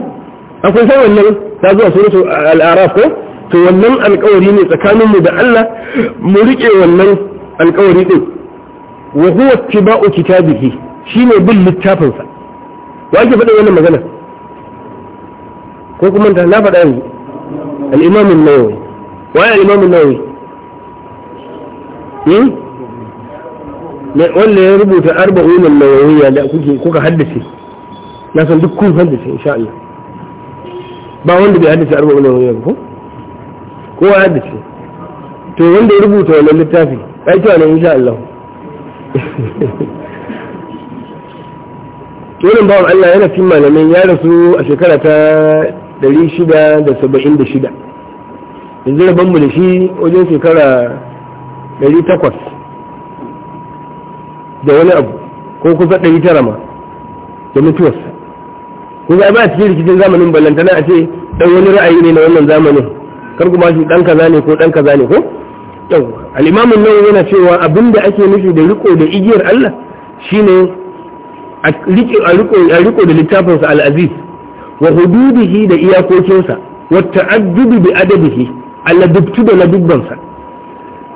A: akwai sai wannan ta zuwa suratu al-araf ko to wannan alƙawari ne tsakanin mu da Allah mu rike wannan alƙawari din wa huwa ittiba'u kitabihi shine bin littafin sa wa ake faɗin wannan magana ko kuma ta na faɗa yanzu al-imam an-nawawi wa al-imam an-nawawi hmm? wanda ya rubuta arba'un al-nawawiyya da kuke kuka haddace na san duk kun haddace insha Allah ba wanda bai haddace arba'un al ba ko kowa haddace to wanda ya rubuta wannan littafi ai to ne insha Allah wannan bawan Allah yana cikin malamai ya rasu a shekara ta 676 yanzu rabon mu da shi wajen shekara 800 da wani abu ko kusa ɗari tara ma da mutuwarsa kun ga ba cikin rikicin zamanin ballantana a ce ɗan wani ra'ayi ne na wannan zamanin kar kuma shi ɗan kaza ne ko ɗan kaza ne ko yau al'imamin nan yana cewa abin da ake nufi da riko da igiyar Allah shine a riko da littafinsa al'aziz wa hududihi da iyakokinsa wa ta'addubi bi adabihi alladubtu da ladubbansa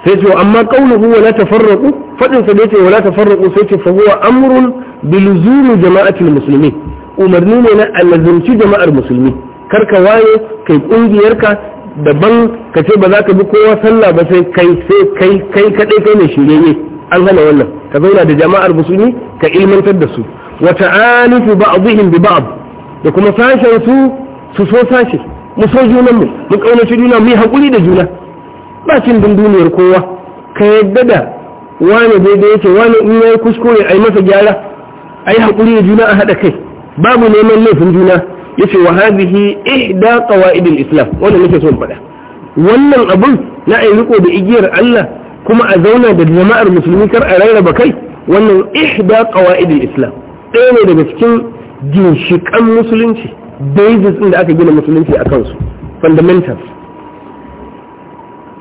A: sai ce amma qawluhu wala tafarraqu fadin sa wala tafarraqu sai ce fa huwa amrun biluzumi musulmi. muslimin umarni ne na allazumci jama'ar musulmi Kar ka waye kai kungiyarka daban ka ce ba za ka bi kowa sallah ba sai kai sai kai kai kadai kai ne shirye an hana wannan ka zauna da jama'ar musulmi ka ilmantar da su wa ta'alifu ba'dihim bi ba'd da kuma sashen su su so sashe mu so junan mu mu kaunaci juna mu yi hakuri da juna ba cin dunduniyar kowa ka yadda da wani daidai yake wani in yayi kuskure ai masa gyara ai hakuri da juna a hada kai babu neman laifin juna yace wa hadhihi ihda qawaid al-islam wannan nake so in faɗa wannan abun na ai riko da igiyar Allah kuma a zauna da jama'ar musulmi kar a rarraba kai wannan ihda qawaid al-islam ɗaya ne daga cikin ginshiƙan musulunci basis din da aka gina musulunci a su, fundamentals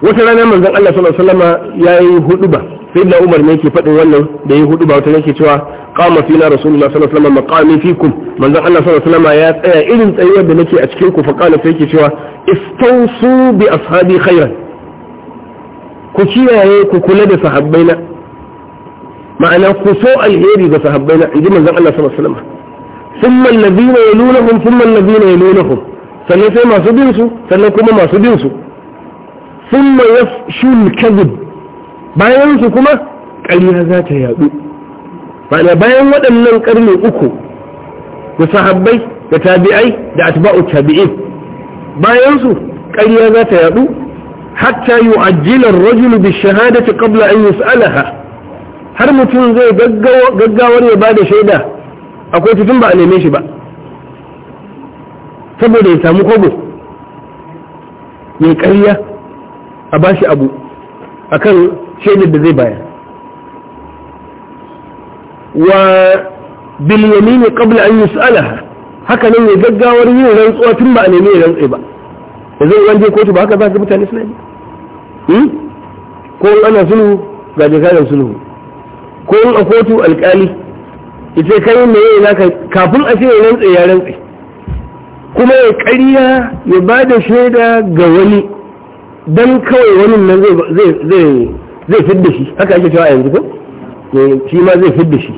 A: wata rana manzon Allah sallallahu alaihi wasallam huduba sai da Umar ne yake faɗin wannan da yi huduba wata yake cewa qama fina rasulullah sallallahu alaihi wasallam maqami fikum manzon Allah sallallahu alaihi wasallam ya tsaya irin tsayuwar da nake a cikin ku fa qala sai yake cewa istawsu bi ashabi khairan ku kiyaye ku kula da sahabbaina ma'ana ku so alheri ga sahabbaina inji manzon Allah sallallahu alaihi wasallam thumma alladhina yalunhum thumma alladhina sannan sai masu bin su sannan kuma masu bin su sun ma ya shul kazib bayan kuma ƙarya za ta yaɗu bayan waɗannan ƙarni uku da sahabbai da tabi'ai da atba'u tabi'in bayansu ƙarya za ta yaɗu hatta yu'ajjila ar-rajulu bi ta ƙabla an yus'alaha har mutum zai gaggawar ya bada shaida akwai tutun ba a neme shi ba saboda ya samu kwabo mai ƙarya a bashi abu a kan shaidar da zai bayar wa bilyami ne kabla an yi su'ala haka nan ya gaggawar yin rantsuwa tun ba a nemi ya rantsuwa ba da zai wanje kotu ba haka za su mutane suna yi hmm? ko ana sulhu ga jikarar sulhu ko a kotu alkali ita kai ne yana ka kafin a ce ya rantsa ya rantsa kuma ya ƙarya ya ba da shaida ga wani dan kawai wani nan zai fidda shi haka ake cewa yanzu ko shi ma zai fidda shi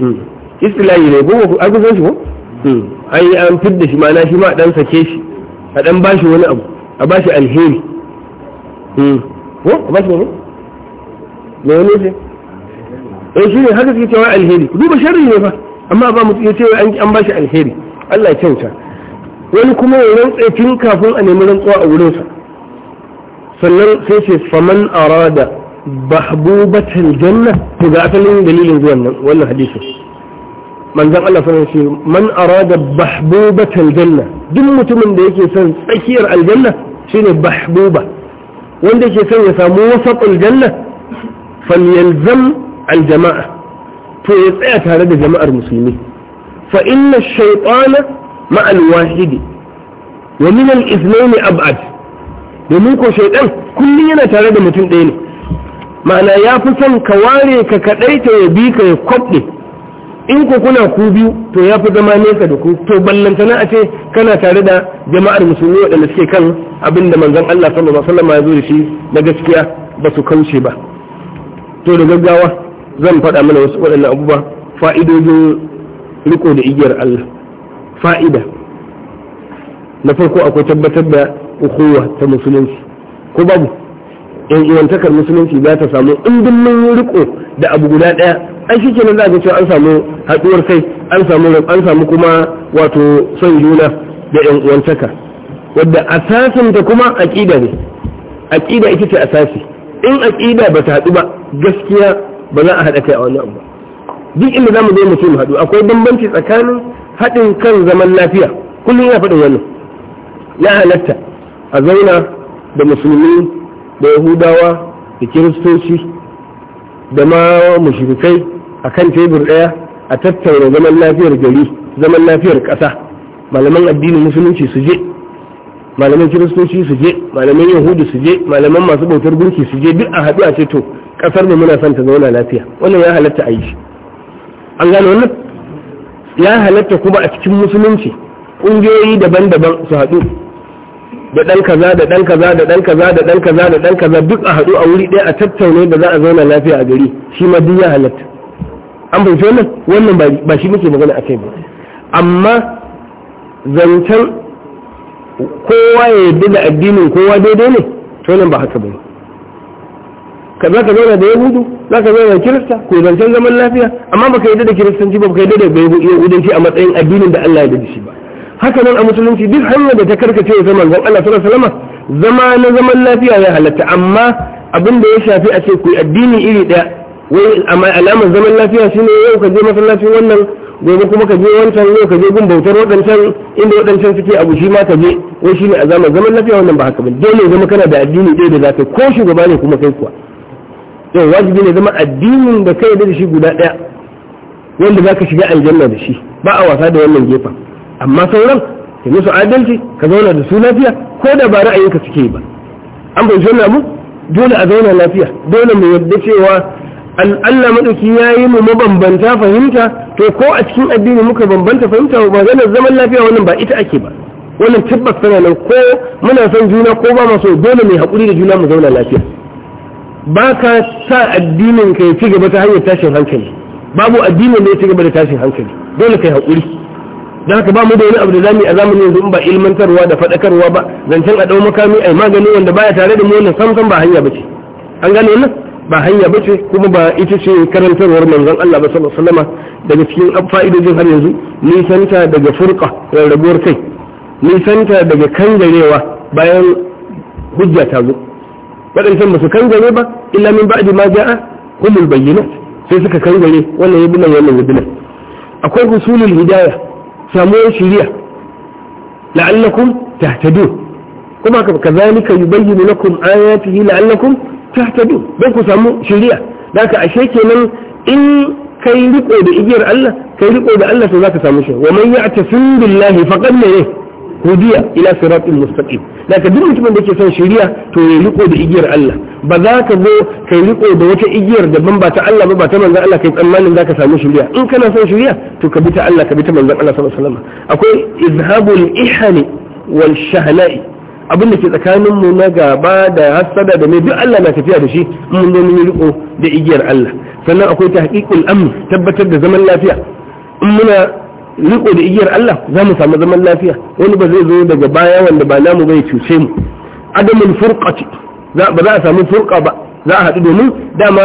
A: hmm. istilahi ne ko a san shi ko hmm. ai an fidda shi mana shi ma a dan sake shi a dan bashi wani abu a bashi alheri hmm. ko a bashi wani me wani ne Ɗan eh, shi ne haka suke cewa alheri duba sharri ne fa amma ba mu ya ce an bashi alheri Allah ya kyauta wani kuma ya rantsa tun kafin a nemi rantsuwa a wurinsa فلنقصي فمن أراد بحبوبة الجنة تبعث لهم دليل جوانا وإلا حديثه من ذا الله صلى الله من أراد بحبوبة الجنة دمة من ذلك يسان تكير الجنة شين بحبوبة وين ذلك يسان يسان وسط الجنة فليلزم الجماعة فيطعت هذا جماعة المسلمين فإن الشيطان مع الواحد ومن الإثنين أبعد domin ko shaidan kullum yana tare da mutum ɗaya ne ma'ana ya fi son ka ware ka kaɗai ta ya bi ka ya kwaɗe in ko kuna ku biyu to ya fi zama nesa da ku to ballantana a ce kana tare da jama'ar musulmi waɗanda suke kan abin da manzon Allah sallallahu alaihi wasallam ya zo da shi na gaskiya ba su kauce ba to da gaggawa zan faɗa mana wasu waɗannan abubuwa fa'idojin riko da igiyar Allah fa'ida na farko akwai tabbatar da ukuwa ta musulunci ko babu in iyantakar musulunci za ta samu in mun riko da abu guda daya an shi kenan za a ga cewa an samu haduwar kai an samu an samu kuma wato son juna da yan uwantaka wadda asasin ta kuma aqida ne aqida ita ce asasi in aqida ba ta hadu ba gaskiya ba za a hada kai a wannan abu duk inda zamu je mu ce mu hadu akwai bambanci tsakanin haɗin kan zaman lafiya kullum ya faɗin wannan ya halatta a zauna da musulmi da yahudawa da kiristoci da ma mashirikai a kan tebur ɗaya a tattauna zaman lafiyar gari zaman lafiyar ƙasa malaman addinin musulunci su je malaman kiristoci su je malaman yahudu su je malaman masu bautar gunki su je duk a haɗu a ce to ƙasar muna son ta zauna lafiya wannan ya halatta a yi an gano wannan ya halatta kuma a cikin musulunci ƙungiyoyi daban-daban su haɗu da ɗan kaza da ɗan kaza da ɗan kaza da ɗan kaza da ɗan kaza duk a haɗu a wuri ɗaya a tattaune da za a zauna lafiya a gari shi ma duk ya halatta an bai wannan wannan ba shi muke magana a kai ba amma zancen kowa ya yarda da addinin kowa daidai ne to nan ba haka ba ka za ka zauna da yahudu za ka zauna da kirista ko zancen zaman lafiya amma baka yarda da kiristanci ba ka yarda da yahudanci a matsayin addinin da Allah ya yarda shi ba haka nan a musulunci duk hanyar da ta karkace wa zaman zan Allah sallallahu alaihi zama na zaman lafiya ya halatta amma abin da ya shafi a ce ku addini iri daya wai amma alamar zaman lafiya shine yau ka je masallacin wannan gobe kuma ka je wancan yau ka je gun bautar waɗancan inda waɗancan suke abu shi ma ka je wai shine a zaman zaman lafiya wannan ba haka ba dole zama kana da addini daya da zaka ko shugaba ne kuma kai kuwa yau wajibi ne zama addinin da kai da shi guda daya wanda zaka shiga aljanna da shi ba a wasa da wannan gefen amma sauran ka musu adalci ka zauna da su lafiya ko da ba ra'ayinka suke ba an bai shi mu dole a zauna lafiya dole mu yadda cewa Allah maɗauki ya yi mu mabambanta fahimta to ko a cikin addini muka bambanta fahimta ba ganin zaman lafiya wannan ba ita ake ba wannan tabbas tana nan ko muna son juna ko ba maso dole mai haƙuri da juna mu zauna lafiya ba ka sa addinin ka ya ci gaba ta hanyar tashin hankali babu addinin da ya ci gaba da tashin hankali dole kai haƙuri don haka ba mu da wani abu da zamu a zamanin yanzu ba ilmantarwa da faɗakarwa ba zancen a ɗau makami ai magani wanda baya tare da mu wannan samsam ba hanya bace an gane wannan ba hanya bace kuma ba ita ce karantarwar manzon Allah ba sallallahu alaihi wasallam daga cikin fa'idojin har yanzu nisanta daga furqa rarrabuwar kai nisanta daga kangarewa bayan hujja ta zo waɗancan ba su kangare ba illa min ba'di ma ja'a humul bayyinat sai suka kangare wannan yabi nan wannan yabi nan akwai husulul hidayah samuwar shiriya la'allakum tahtadun kuma kazalika yubayyinu lakum ayatihi la'allakum tahtadun don ku samu shiriya da ashe kenan in kai riko da igiyar Allah kai riko da Allah to zaka samu shi wa man ya'tasim billahi faqad ne hudiya ila siratul mustaqim da ka duk mutumin da ke son shari'a to ya riko da igiyar Allah ba za ka zo kai riko da wata igiyar daban ba ta Allah ba ba ta manzon Allah kai tsammanin zaka samu shari'a in kana son shari'a to ka bi ta Allah ka bi ta manzon Allah sallallahu alaihi wasallam akwai izhabul ihani wal shahna'i abin da ke tsakanin mu na gaba da hasada da mai duk Allah na tafiya da shi mun zo mun riko da igiyar Allah sannan akwai tahqiqul amn tabbatar da zaman lafiya in muna riko da igiyar Allah za mu samu zaman lafiya wani ba zai zo daga baya wanda ba namu bai cuce mu adamul furqati ba za a samu furqa ba za a haɗu domin dama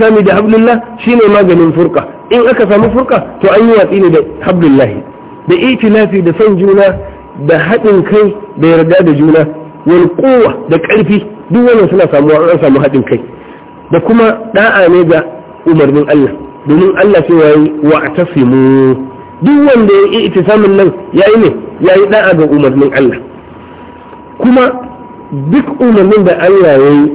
A: sami da hablillah shine maganin furqa in aka samu furqa to an yi watsi ne da Abdullahi. da itilafi da son juna da haɗin kai da yarda da juna wal quwwa da ƙarfi duk wannan suna samuwa an samu haɗin kai da kuma da'a ne ga umarnin Allah domin Allah cewa yi wa tasimu duk wanda ya yi itisamin nan ya yi ne ya yi da'a ga umarnin Allah kuma duk umarnin da Allah ya yi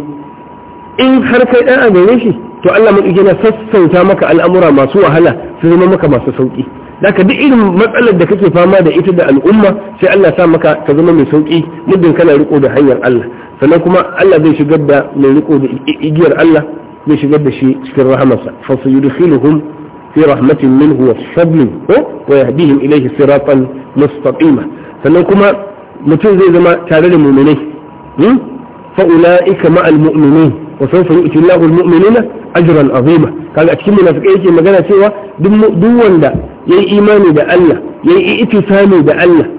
A: in har kai da'a gare shi to Allah mai na sassauta maka al'amura masu wahala su zama maka masu sauki daka duk irin matsalar da kake fama da ita da al'umma sai Allah sa maka ta zama mai sauki muddin kana riko da hanyar Allah sannan kuma Allah zai shigar da mai riko da igiyar Allah مش قدشي في الرحمة فسيدخلهم في رحمة منه وفضل ويهديهم إليه صراطا مستقيما فنكما متون زي زي ما كان للمؤمنين فأولئك مع المؤمنين وسوف يؤتي الله المؤمنين أجرا عظيما قال أتكي منافق إيه ما سوى دون دا يأي إيماني دا ألا يأي إتفاني دا ألا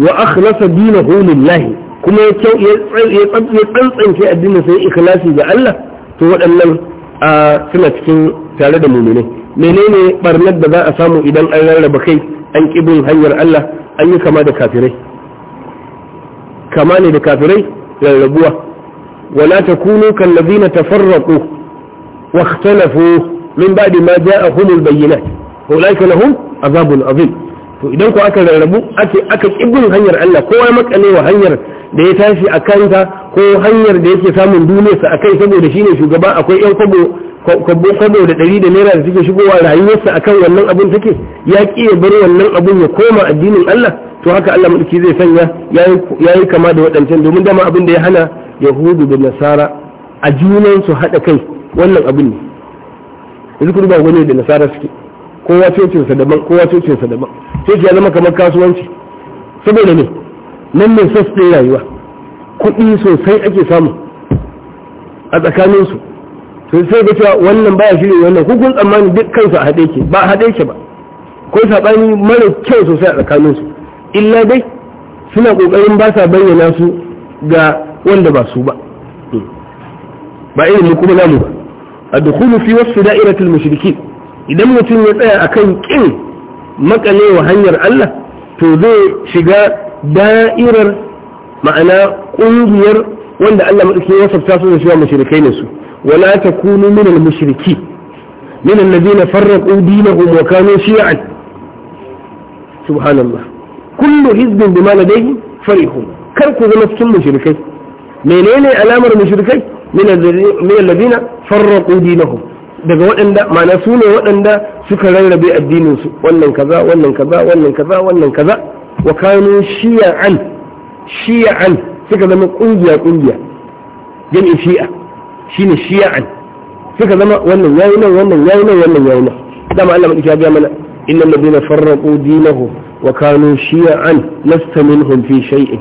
A: وأخلص دينه لله كما يتنطن في الدين في إخلاصه دا to waɗannan a suna cikin tare da muminai menene barnar da za a samu idan an rarraba kai an kibin hanyar Allah an yi kama da kafirai kama ne da kafirai rarrabuwa wala takunu kallazina tafarraqu wa ikhtalafu min ba'di ma ja'ahumul bayyinat ulaika lahum azabun azim to idan ku aka rarrabu ake aka kibin hanyar Allah kowa wa hanyar da ya tashi a kanta ko hanyar da yake samun duniyarsa a kai saboda shine shugaba akwai yan kwabo kwabo kwabo da ɗari da naira da suke shigowa rayuwarsa akan wannan abun take ya ƙi ya bar wannan abun ya koma addinin Allah to haka Allah mulki zai sanya yayi kama da waɗancan domin dama abin da ya hana yahudu da nasara a junan su haɗa kai wannan abin ne yanzu ba wani gwani da nasara suke kowa cocinsa daban kowa cocinsa daban coci ya zama kamar kasuwanci saboda ne nan mai sos ɗin rayuwa kuɗi sosai ake samu a tsakaninsu to sai da cewa wannan baya shirye wannan hukun tsammani duk kansu a haɗe ke ba haɗe ke ba ko saɓani mara kyau sosai a tsakaninsu illa dai suna ƙoƙarin ba sa bayyana su ga wanda ba su ba ba irin mu kuma namu ba a dukulu fi wasu da'iratul mushrikin idan mutum ya tsaya akan kin wa hanyar Allah to zai shiga da'irar ma'ana ƙungiyar wanda Allah maɗauki ya sabta su da cewa mashirikai ne su wala takunu min al-mushriki min alladhina farraqu dinahum wa kanu shi'an subhanallah kullu hizbin bima ladayhim farihun kar ku zama cikin mushrikai menene alamar mushrikai min alladhina farraqu dinahum daga waɗanda ma'ana su ne waɗanda suka rarrabe addinin su wannan kaza wannan kaza wannan kaza wannan kaza wa kanu shi'an shi'an suka zama kungiya kungiya jami'i shi'a shine shi'an suka zama wannan yayi nan wannan yayi nan wannan yayi nan dama Allah madauki ya ga mana innal ladina farraqu dinahum wa kanu shi'an lasta minhum fi shay'in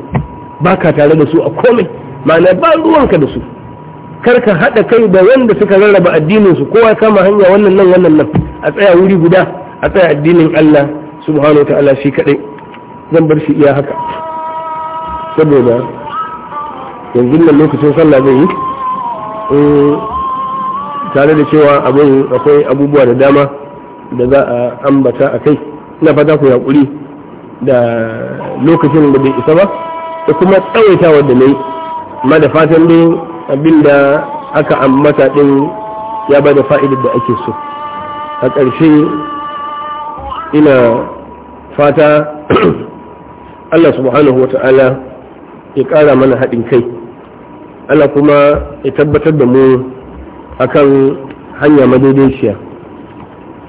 A: baka tare da su a komai ma'ana ba ruwanka da su kar ka haɗa kai da wanda suka rarraba addinin su kowa kama hanya wannan nan wannan nan a tsaya wuri guda a tsaya addinin Allah subhanahu wa ta'ala shi kadai zan bar shi iya haka saboda yanzu nan lokacin sallah zai yi eh, tare da cewa abin akwai abubuwa da dama da za a ambata a kai ina fata ku yaƙuri da lokacin da bai isa ba da kuma tsawaita wadda na yi amma da fatan dai abin da aka ambata din ya ba da fa'idar da ake so a ƙarshe ina fata Allah subhanahu wa ta'ala ya ƙara mana haɗin kai Allah kuma ya tabbatar da mu akan hanya madaidaiciya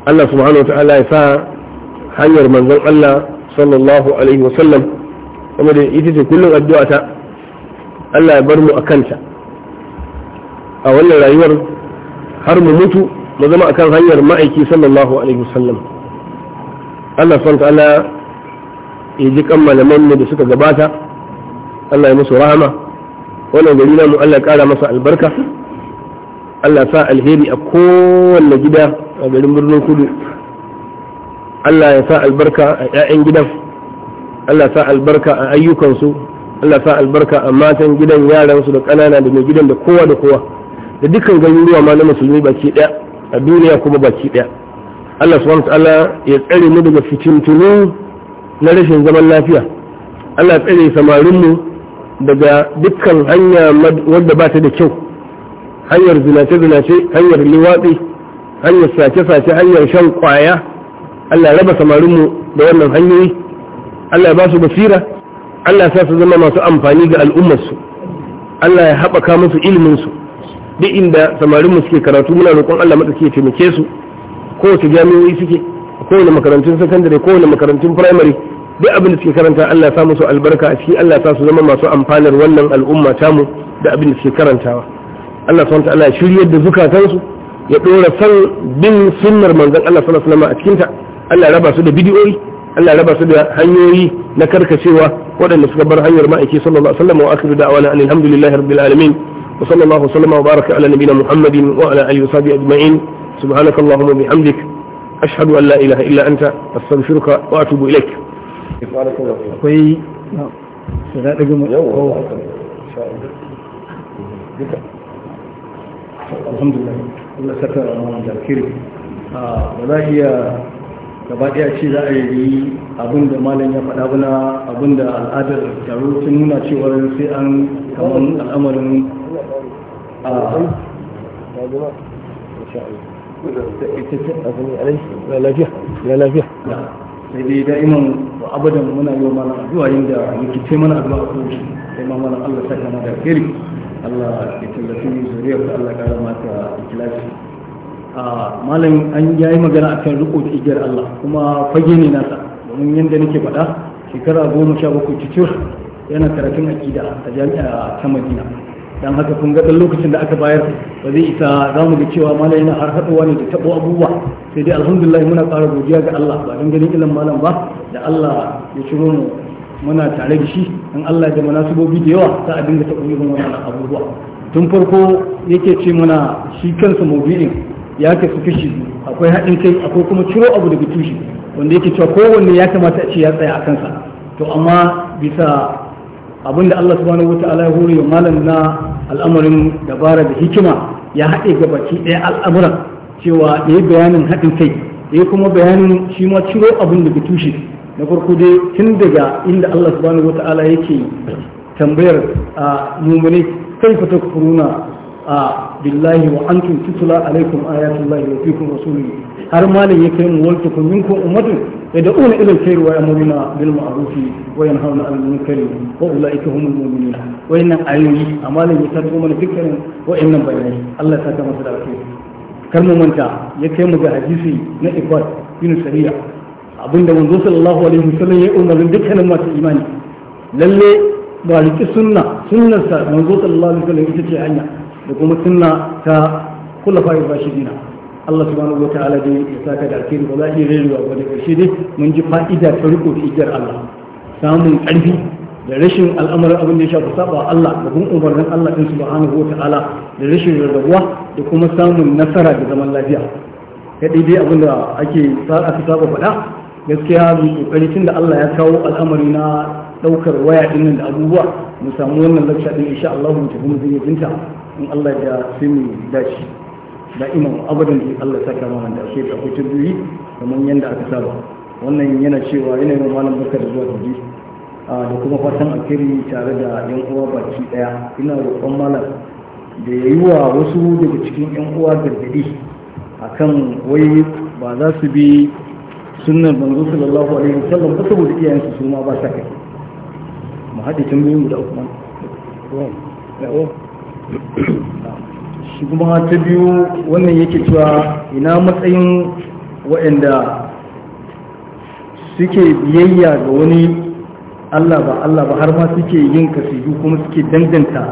A: Allah subhanahu wa ta'ala ya sa hanyar manzon Allah sallallahu alaihi wa sallam kuma da ita ce kullum addu'a ta Allah ya bar mu a kanta. a wannan rayuwar har mu mutu mu zama akan hanyar ma'aiki sallallahu alaihi wa sallam Allah subhanahu wa ta'ala ya ji kan malaman ne da suka gabata Allah ya musu rahama wannan gari na mu Allah ya kara masa albarka Allah sa alheri a kowanne gida a garin birnin kudu Allah ya sa albarka a 'ya'yan gidan Allah sa albarka a ayyukansu Allah sa albarka a matan gidan yaransu da ƙanana da mai gidan da kowa da kowa da dukkan ruwa ma na musulmi baki ɗaya a duniya kuma baki ɗaya Allah subhanahu wa ta'ala ya tsare mu daga fitintunu na rashin zaman lafiya Allah tsare samarinmu daga dukkan hanya wadda ba ta da kyau hanyar zinace-zinace hanyar liwatsi hanyar sace-sace hanyar shan kwaya Allah raba samarinmu da wannan hanyoyi Allah ba su basira Allah sa su zama masu amfani ga al'ummarsu Allah ya haɓaka musu iliminsu duk inda samarinmu suke karatu muna roƙon Allah matsaki ya taimake su kowace jami'o'i suke kowane makarantun sakandare kowane makarantun primary duk abin da suke karanta Allah ya sa musu albarka a ciki Allah ya su zama masu amfanar wannan al'umma tamu da abin da suke karantawa Allah subhanahu ta'ala ya shiryar da zukatansu ya dora san bin sunnar manzon Allah sallallahu alaihi wasallam a cikin ta Allah ya raba su da bidiyoyi Allah ya raba su da hanyoyi na karkacewa waɗanda suka bar hanyar ma'aiki sallallahu alaihi wasallam wa akhiru da'wana alhamdulillahi rabbil alamin wa sallallahu wa sallama wa baraka ala nabiyyina muhammadin wa ala alihi wa sahbihi ajma'in subhanakallahumma bihamdika ashhadu an la ilaha illa anta
B: astaghfiruka wa atubu ilaik akwai su da daga mu yau duka alhamdulillah Allah saka mu ba za iya gaba daya ce za a yi abin da malam ya faɗa bana abin da al'adar taro sun nuna cewar sai an kamar al'amarin a ah, na lafiya na lafiya sai dai da'iman abadan muna yi wa malam addu'a yadda rikice mana addu'a a kowace sai ma malam Allah ta kama da alheri Allah ya tallafi zuriyar da Allah kara mata ikilasi malam an yayi magana akan riko igiyar Allah kuma fage ne nasa domin yadda nake faɗa shekara goma sha bakwai cikin yana karatun aƙida a jami'a ta Madina dan haka kun ga dan lokacin da aka bayar ba zai isa za mu ga cewa malami na har haɗuwa ne da tabo abubuwa sai dai alhamdulillah muna ƙara godiya ga Allah ba dan ganin ilan malam ba da Allah ya ciro mu muna tare da shi in Allah da sabobi da yawa za a dinga tabo irin wannan abubuwa tun farko yake ce mana shi kansa maudu'in ya su kashi akwai haɗin kai akwai kuma ciro abu daga tushe wanda yake cewa kowanne ya kamata a ce ya tsaya a kansa to amma bisa abinda Allah subhanahu wata'ala ya hore malam na al'amarin dabara da hikima ya haɗe ga baki ɗaya al'amuran cewa ya yi bayanin haɗin kai ya kuma bayanin shi ma ciro abin da tushe na farko dai tun daga inda Allah subhanahu wata'ala yake tambayar a mumune kai fa kuruna a billahi wa antum tutula alaikum ayatullahi wa fikum rasuluhu har malam ya kai mu wanke kun minkum ummatun يدعون إلى الخير ويأمرون بالمعروف وينهون عن المنكر وأولئك هم المؤمنون وإن أيوني أمال يترجم من فكر وإن بياني الله تعالى مثل الخير كلمة منتا يكيم بحديثي نإخوات بن سريع abinda manzo sallallahu alaihi wasallam ya umarni dukkanin masu imani lalle ba riki sunna sunnarsa manzo sallallahu alaihi wasallam ita ce hanya da kuma sunna ta kula fa'i rashidina Allah subhanahu wa ta'ala dai ya saka da alkhairi ba za a iya rerewa ba da ƙarshe dai mun ji fa'ida ta riko da igiyar Allah samun ƙarfi da rashin al'amuran abin da ya shafi saba Allah da bin umarnin Allah din subhanahu wa ta'ala da rashin rarrabuwa da kuma samun nasara da zaman lafiya kaɗai dai abin da ake aka saba faɗa gaskiya mu kokari da Allah ya kawo al'amari na ɗaukar waya ɗin da abubuwa mu samu wannan lakshadin insha Allah mu tafi mu zai binta in Allah ya sai mu dace imam abadan da Allah ta kama da ake da hutu duyi kamar yadda aka saba wannan yana cewa yana yin malam baka da zuwa dubi da kuma fatan alheri tare da yan uwa baki daya ina roƙon malam da ya yi wa wasu daga cikin yan uwa gargadi kan wai ba za su bi sunnar manzo sallallahu alaihi wasallam ba saboda iyayensu su ma ba sa kai mu haɗe tambayoyin mu da Usman. shi kuma ta biyu wannan yake cewa ina matsayin waɗanda suke biyayya ga wani Allah ba Allah ba har ma suke yin kasidu kuma suke danganta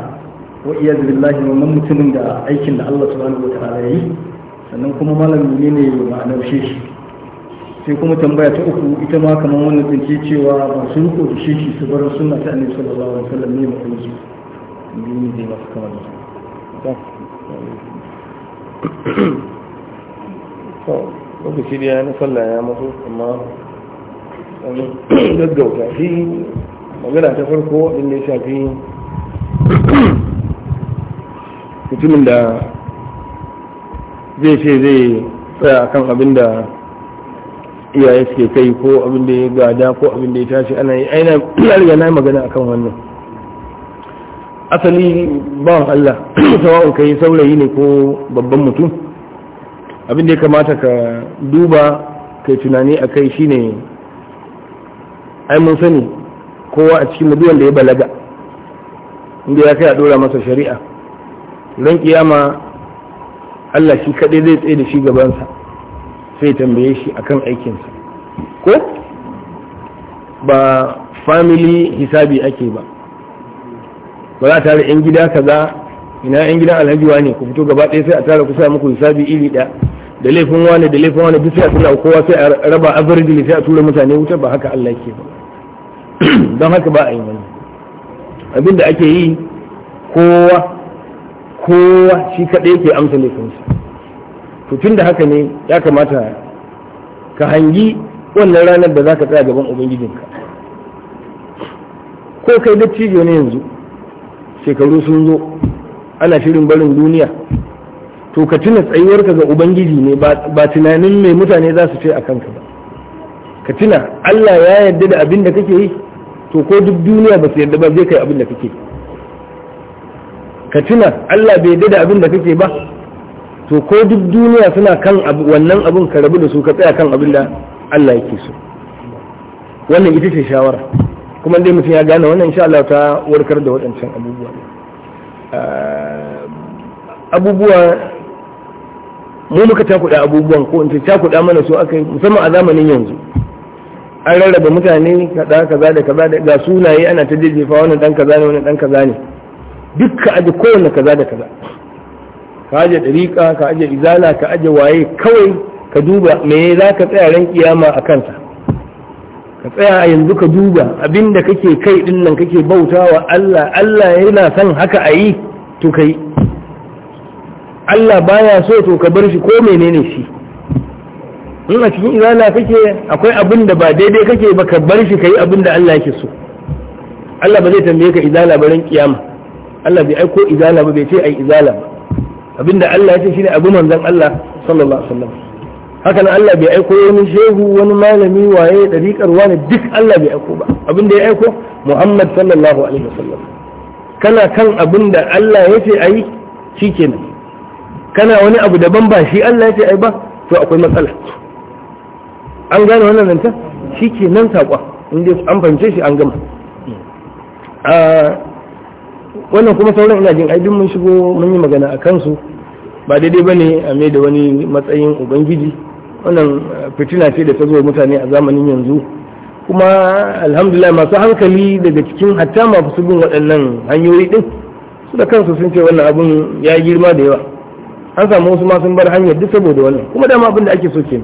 B: wa iya wannan mutumin da aikin da Allah wani wata ala yi sannan kuma malamin ne ne ma'anar shi sai kuma tambaya ta uku ita ma kamar wannan tsinci cewa masu su riko da shi su bar suna ta annabi sallallahu alaihi wasallam ne mutunci ne masu kamar
A: lokaci da ya na sallah ya maso amma gaggauta shi magana ta farko inda ya shafi mutumin da zai ce zai tsaya akan abin da iyaye suke kai ko abin da ya gada ko abin da ya tashi ana yi aina riga na magana akan wannan asali ba Allah sawa'un kai saurayi ne ko babban mutum abin da ya kamata ka duba kai tunani a kai shine ai mun sani kowa a cikin muduwan da ya balaga inda ya kai a dora masa shari'a ran kiyama Allah shi kaɗai zai tsaye da shi gabansa sai tambaye shi akan aikinsa ko ba family hisabi ake ba ba za a tare yan gida kaza ina yan gidan alhajiwa ne ku fito gaba ɗaya sai a tara kusa muku hisabi iri ɗaya da laifin wani da laifin wani duk sai a tura kowa sai a raba average sai a tura mutane wuta ba haka Allah ke ba don haka ba a yi wani abin da ake yi kowa kowa shi kaɗai yake amsa laifinsa to tun da haka ne ya kamata ka hangi wannan ranar da za ka tsaya gaban ubangijinka ko kai dattijo ne yanzu shekaru sun zo ana shirin barin duniya to ka tuna tsayuwarka ga ubangiji ne ba tunanin mai mutane za su ce a kanka ba ka tuna Allah ya yarda da abin da kake yi to ko duk duniya ba su yarda ba zai kai abin da kake ka tuna Allah bai yarda da abin da kake ba to ko duk duniya suna kan wannan abin ka rabu da su ka tsaya kan abin da Allah yake so wannan ita ce shawara kuma dai mutum ya gane wannan insha Allah ta warkar da waɗancan abubuwa eh, abubuwa mu muka takuɗa abubuwan ko in ce takuɗa mana su aka yi musamman a zamanin yanzu an rarraba mutane kaza kaza da kaza da ga sunaye ana ta jejjefa wannan dan kaza ne wannan dan kaza ne dukka aje kowanne kaza da kaza ka aje dariqa ka aje izala ka aje waye kawai ka duba me za ka tsaya ran kiyama a kansa ka tsaya a yanzu ka duba abinda kake kai din nan kake bautawa Allah Allah yana son haka a yi to kai Allah baya so to ka bar shi ko menene shi in a cikin izala kake akwai abin da ba daidai kake ba ka bar shi kai abin da Allah yake so Allah ba zai tambaye ka izala ba ran kiyama Allah bai aiko izala ba bai ce ai izala ba abinda Allah ya ce shine abu manzon Allah sallallahu alaihi wasallam Hakan Allah bai aiko wani shehu wani malami waye dariƙar wani duk Allah bai aiko ba abin da ya aiko Muhammad sallallahu alaihi wasallam kana kan abin da Allah ya ce ayi shikenan kana wani abu daban ba shi Allah ya ce ai ba to akwai matsala an gane wannan nan ta shikenan sakon inda an fahimce shi an gama wannan kuma sauran ina jin aidin mun shigo mun yi magana a kansu ba daidai ba ne a mai da wani matsayin ubangiji wannan fitina ce da ta zo mutane a zamanin yanzu kuma alhamdulillah masu hankali daga cikin hatta masu bin waɗannan hanyoyi ɗin su da kansu sun ce wannan abun ya girma da yawa an samu wasu ma sun bar hanyar duk saboda wannan kuma dama abin da ake so ke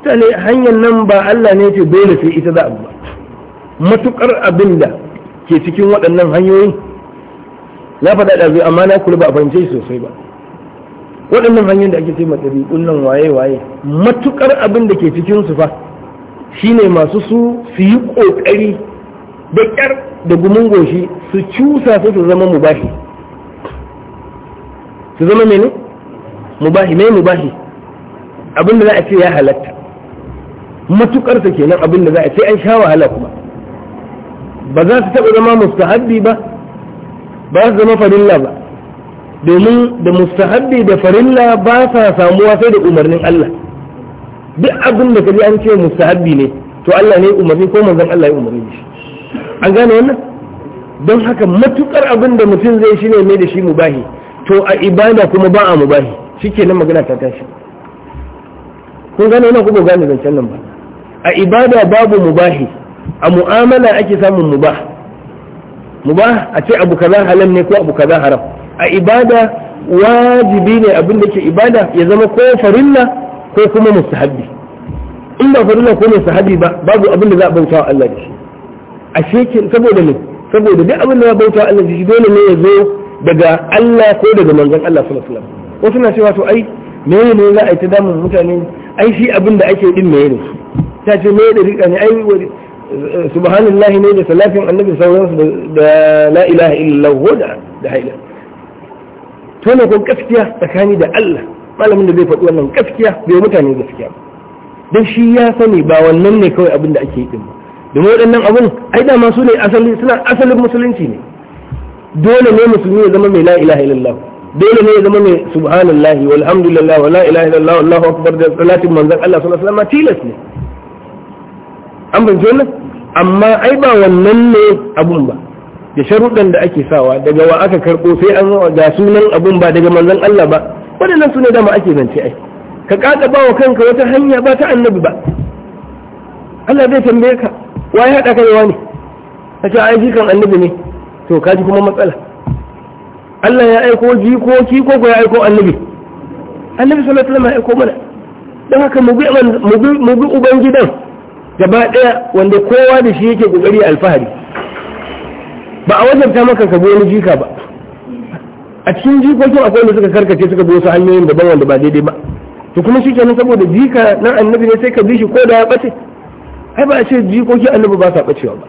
A: mutane hanyar nan ba Allah ne ce dole sai ita za a ba matukar abin da ke cikin waɗannan hanyoyin na faɗa da amma na kula ba a fahimce sosai ba waɗannan hanyoyin da ake ce ma ɗabi'un nan waye waye matukar abin da ke cikin su fa shine masu su su yi ƙoƙari da ƙyar da gumin goshi su cusa su su zama mubahi su zama mene mubahi mai mubahi abin da za a ce ya halatta matukar sa kenan abin da za a ce an sha wahala kuma ba za su taɓa zama mustahabbi ba ba za su zama farilla ba domin da mustahabbi da farilla ba sa samuwa sai da umarnin Allah duk abin da kaji an ce mustahabbi ne to Allah ne umarni ko manzon Allah ya umarni shi an gane wannan don haka matukar abin da mutum zai shine mai da shi mubahi to a ibada kuma ba a mubahi shikenan magana ta tashi kun gane wannan kuma gane zancen nan ba a ibada babu mubahi a mu'amala ake samun mubah mubah a ce abu kaza halal ne ko abu kaza haram a ibada wajibi ne abin da ke ibada ya zama ko farilla ko kuma mustahabbi in ba farilla ko mustahabbi ba babu abin da za a bauta wa Allah da shi A ke saboda ne saboda duk abin da za a bauta wa Allah da shi dole ne ya zo daga Allah ko daga manzon Allah sallallahu alaihi wasallam wasu na cewa to ai me ne za a yi ta damun mutane ai shi abin da ake din me ne ta ce me da rika ne ai subhanallahi ne da salafin annabi sauransu da la ilaha illallah da da haila tona ko gaskiya tsakani da Allah malamin da zai faɗi wannan gaskiya bai mutane gaskiya ba. dan shi ya sani ba wannan ne kawai abin da ake yi din ba domin waɗannan abun ai dama su ne asali suna asalin musulunci ne dole ne musulmi ya zama mai la ilaha illallah dole ne ya zama mai subhanallah walhamdulillah wala ilaha illallah wallahu akbar da salatin manzon Allah sallallahu alaihi wasallam tilas ne an ban wannan amma ai ba wannan ne abun ba da sharuɗan da ake sawa daga wa aka karɓo sai an ga sunan abun ba daga manzon Allah ba waɗannan su ne dama ake zance ai ka ƙaƙa ba wa kanka wata hanya ba ta annabi ba Allah zai tambaye ka wa ya haɗa kai wani a ce ai jikan annabi ne to ka ji kuma matsala Allah ya aiko jikoki ko ko ya aiko annabi annabi sallallahu alaihi wasallam ya aiko mana Dan haka mu bi mu bi ubangidan gaba daya wanda kowa da shi yake kokari alfahari ba a wajabta maka ka bi wani jika ba a cikin jikokin akwai wanda suka karkace suka bi wasu hanyoyin daban wanda ba daidai ba to kuma shi kenan saboda jika na annabi ne sai ka bi shi ko da ya bace ai ba a ce jikokin annabi ba sa bacewa ba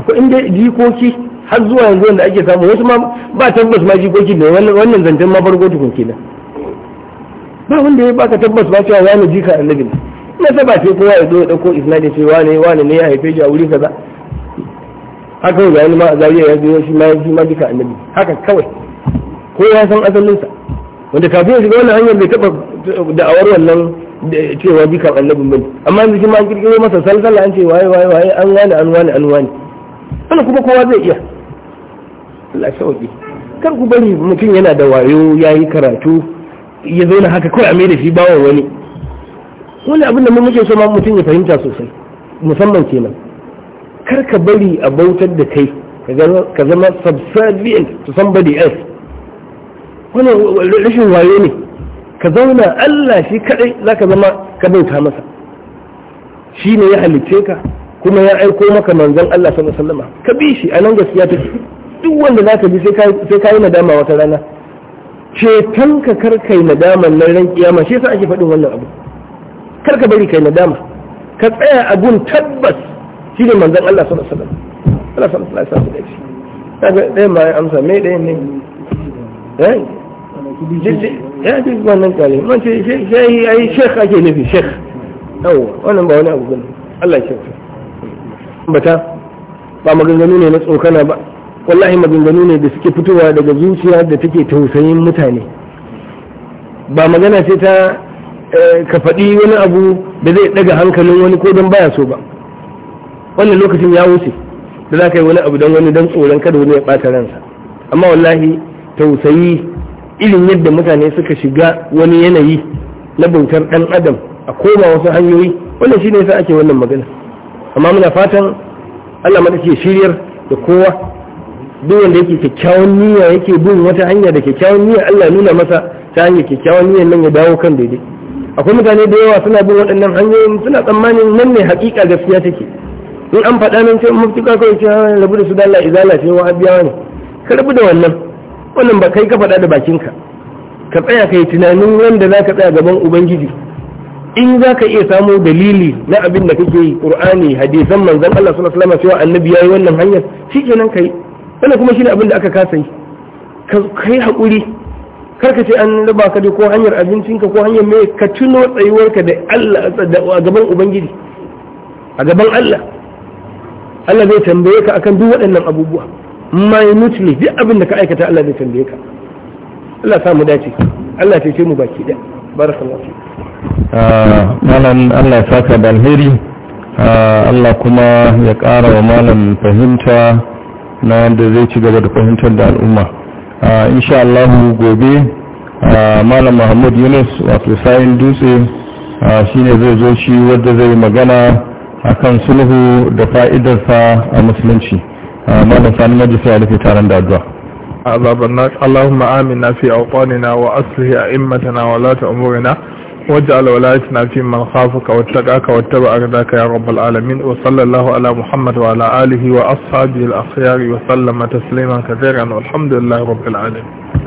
A: akwai inda jikoki har zuwa yanzu wanda ake samu wasu ma ba tabbas ma jikoki ne wannan zancen ma farko tukun kenan ba wanda ya baka tabbas ba cewa wani jika annabi ne na saba ce kowa ya zo ya dauko isnadi ce wane wane ne ya haife shi a wuri kaza hakan ya yi ma a zariya ya zuwa shi ma shi ma duka annabi haka kawai ko ya san asalinsa wanda kafin ya shiga wannan hanyar bai taba da'awar wannan cewa jikan annabin bane amma yanzu ma an kirkiro masa salsala an ce waye waye waye an wani an wani an wani wannan kuma kowa zai iya Allah sauki kar ku bari mutum yana da wayo ya yi karatu ya zauna haka kawai a mai da shi bawa wani wani abin da muke so ma mutum ya fahimta sosai musamman kenan karka bari a bautar da kai ka zama subservient to somebody else wannan rashin waye ne ka zauna Allah shi kadai za ka zama ka bauta masa shi ne ya halicce ka kuma ya aiko maka manzan Allah sallallahu alaihi ka bi shi a nan gaskiya ta duk wanda za ka bi sai ka yi nadama wata rana ceton ka kar kai nadama nan ran kiyama shi yasa ake faɗin wannan abu kar ka bari kai nadama ka tsaya abun tabbas shi ne manzan Allah sallallahu alaihi
B: wasallam Allah sallallahu alaihi wasallam ya ce
A: kaga dai ma ya amsa me dai ne eh ya ji wannan kare man ce sai ai sheikh ake nufi sheikh yawa wannan ba wani abu bane Allah ya kyauta bata ba maganganu ne na tsokana ba wallahi maganganu ne da suke fitowa daga zuciya da take tausayin mutane ba magana ce ta eh, ka faɗi wani abu da zai ɗaga hankalin wani ko don baya so ba wannan lokacin ya wuce da za ka yi wani abu don wani don tsoron kada wani ya ɓata ransa amma wallahi tausayi irin yadda mutane suka shiga wani yanayi na bautar ɗan adam a koma wasu hanyoyi wannan shi ne sa ake wannan magana amma muna fatan allah mata ke shiryar da kowa duk wanda yake kyakkyawan niyya yake bin wata hanya da kyakkyawan niyya allah nuna masa ta hanyar kyakkyawan niyyar nan ya dawo kan daidai akwai mutane da yawa suna bin waɗannan hanyoyin suna tsammanin nan ne hakika gaskiya take in an faɗa nan sai mafi ka kawai cewa rabu da su da Allah izala ce wa abiyawa ne ka rabu da wannan wannan ba kai ka faɗa da bakinka ka tsaya kai tunanin wanda za ka tsaya gaban ubangiji in za ka iya samu dalili na abin da kake yi qur'ani hadisan manzon Allah sallallahu alaihi wasallam cewa annabi yayi wannan hanyar shikenan kai wannan kuma shine abin da aka kasa yi ka kai hakuri kar ka ce an raba ka da ko hanyar abincinka ko hanyar mai ka tuno tsayuwarka da Allah a gaban ubangiji a gaban Allah Allah zai tambaye ka akan duk waɗannan abubuwa minutely duk abin da ka aikata Allah zai tambaye ka Allah sa mu dace Allah ya ce mu baki da barakallahu fi ah, malam Allah ya saka da alheri ah, Allah kuma ya ƙara wa malam fahimta na yadda zai ci gaba da fahimtar da al'umma ah, insha Allah gobe malam Muhammad Yunus wato sayin dutse shine zai zo shi wadda zai magana akan sulhu da fa'idarsa a musulunci malam sani maji sai a rufe taron da addu'a عذاب النار اللهم آمنا في أوطاننا وأصله أئمتنا ولاة أمورنا واجعل ولايتنا في من خافك واتقاك واتبع رضاك يا رب العالمين وصلى الله على محمد وعلى آله وأصحابه الأخيار وسلم تسليما كثيرا والحمد لله رب العالمين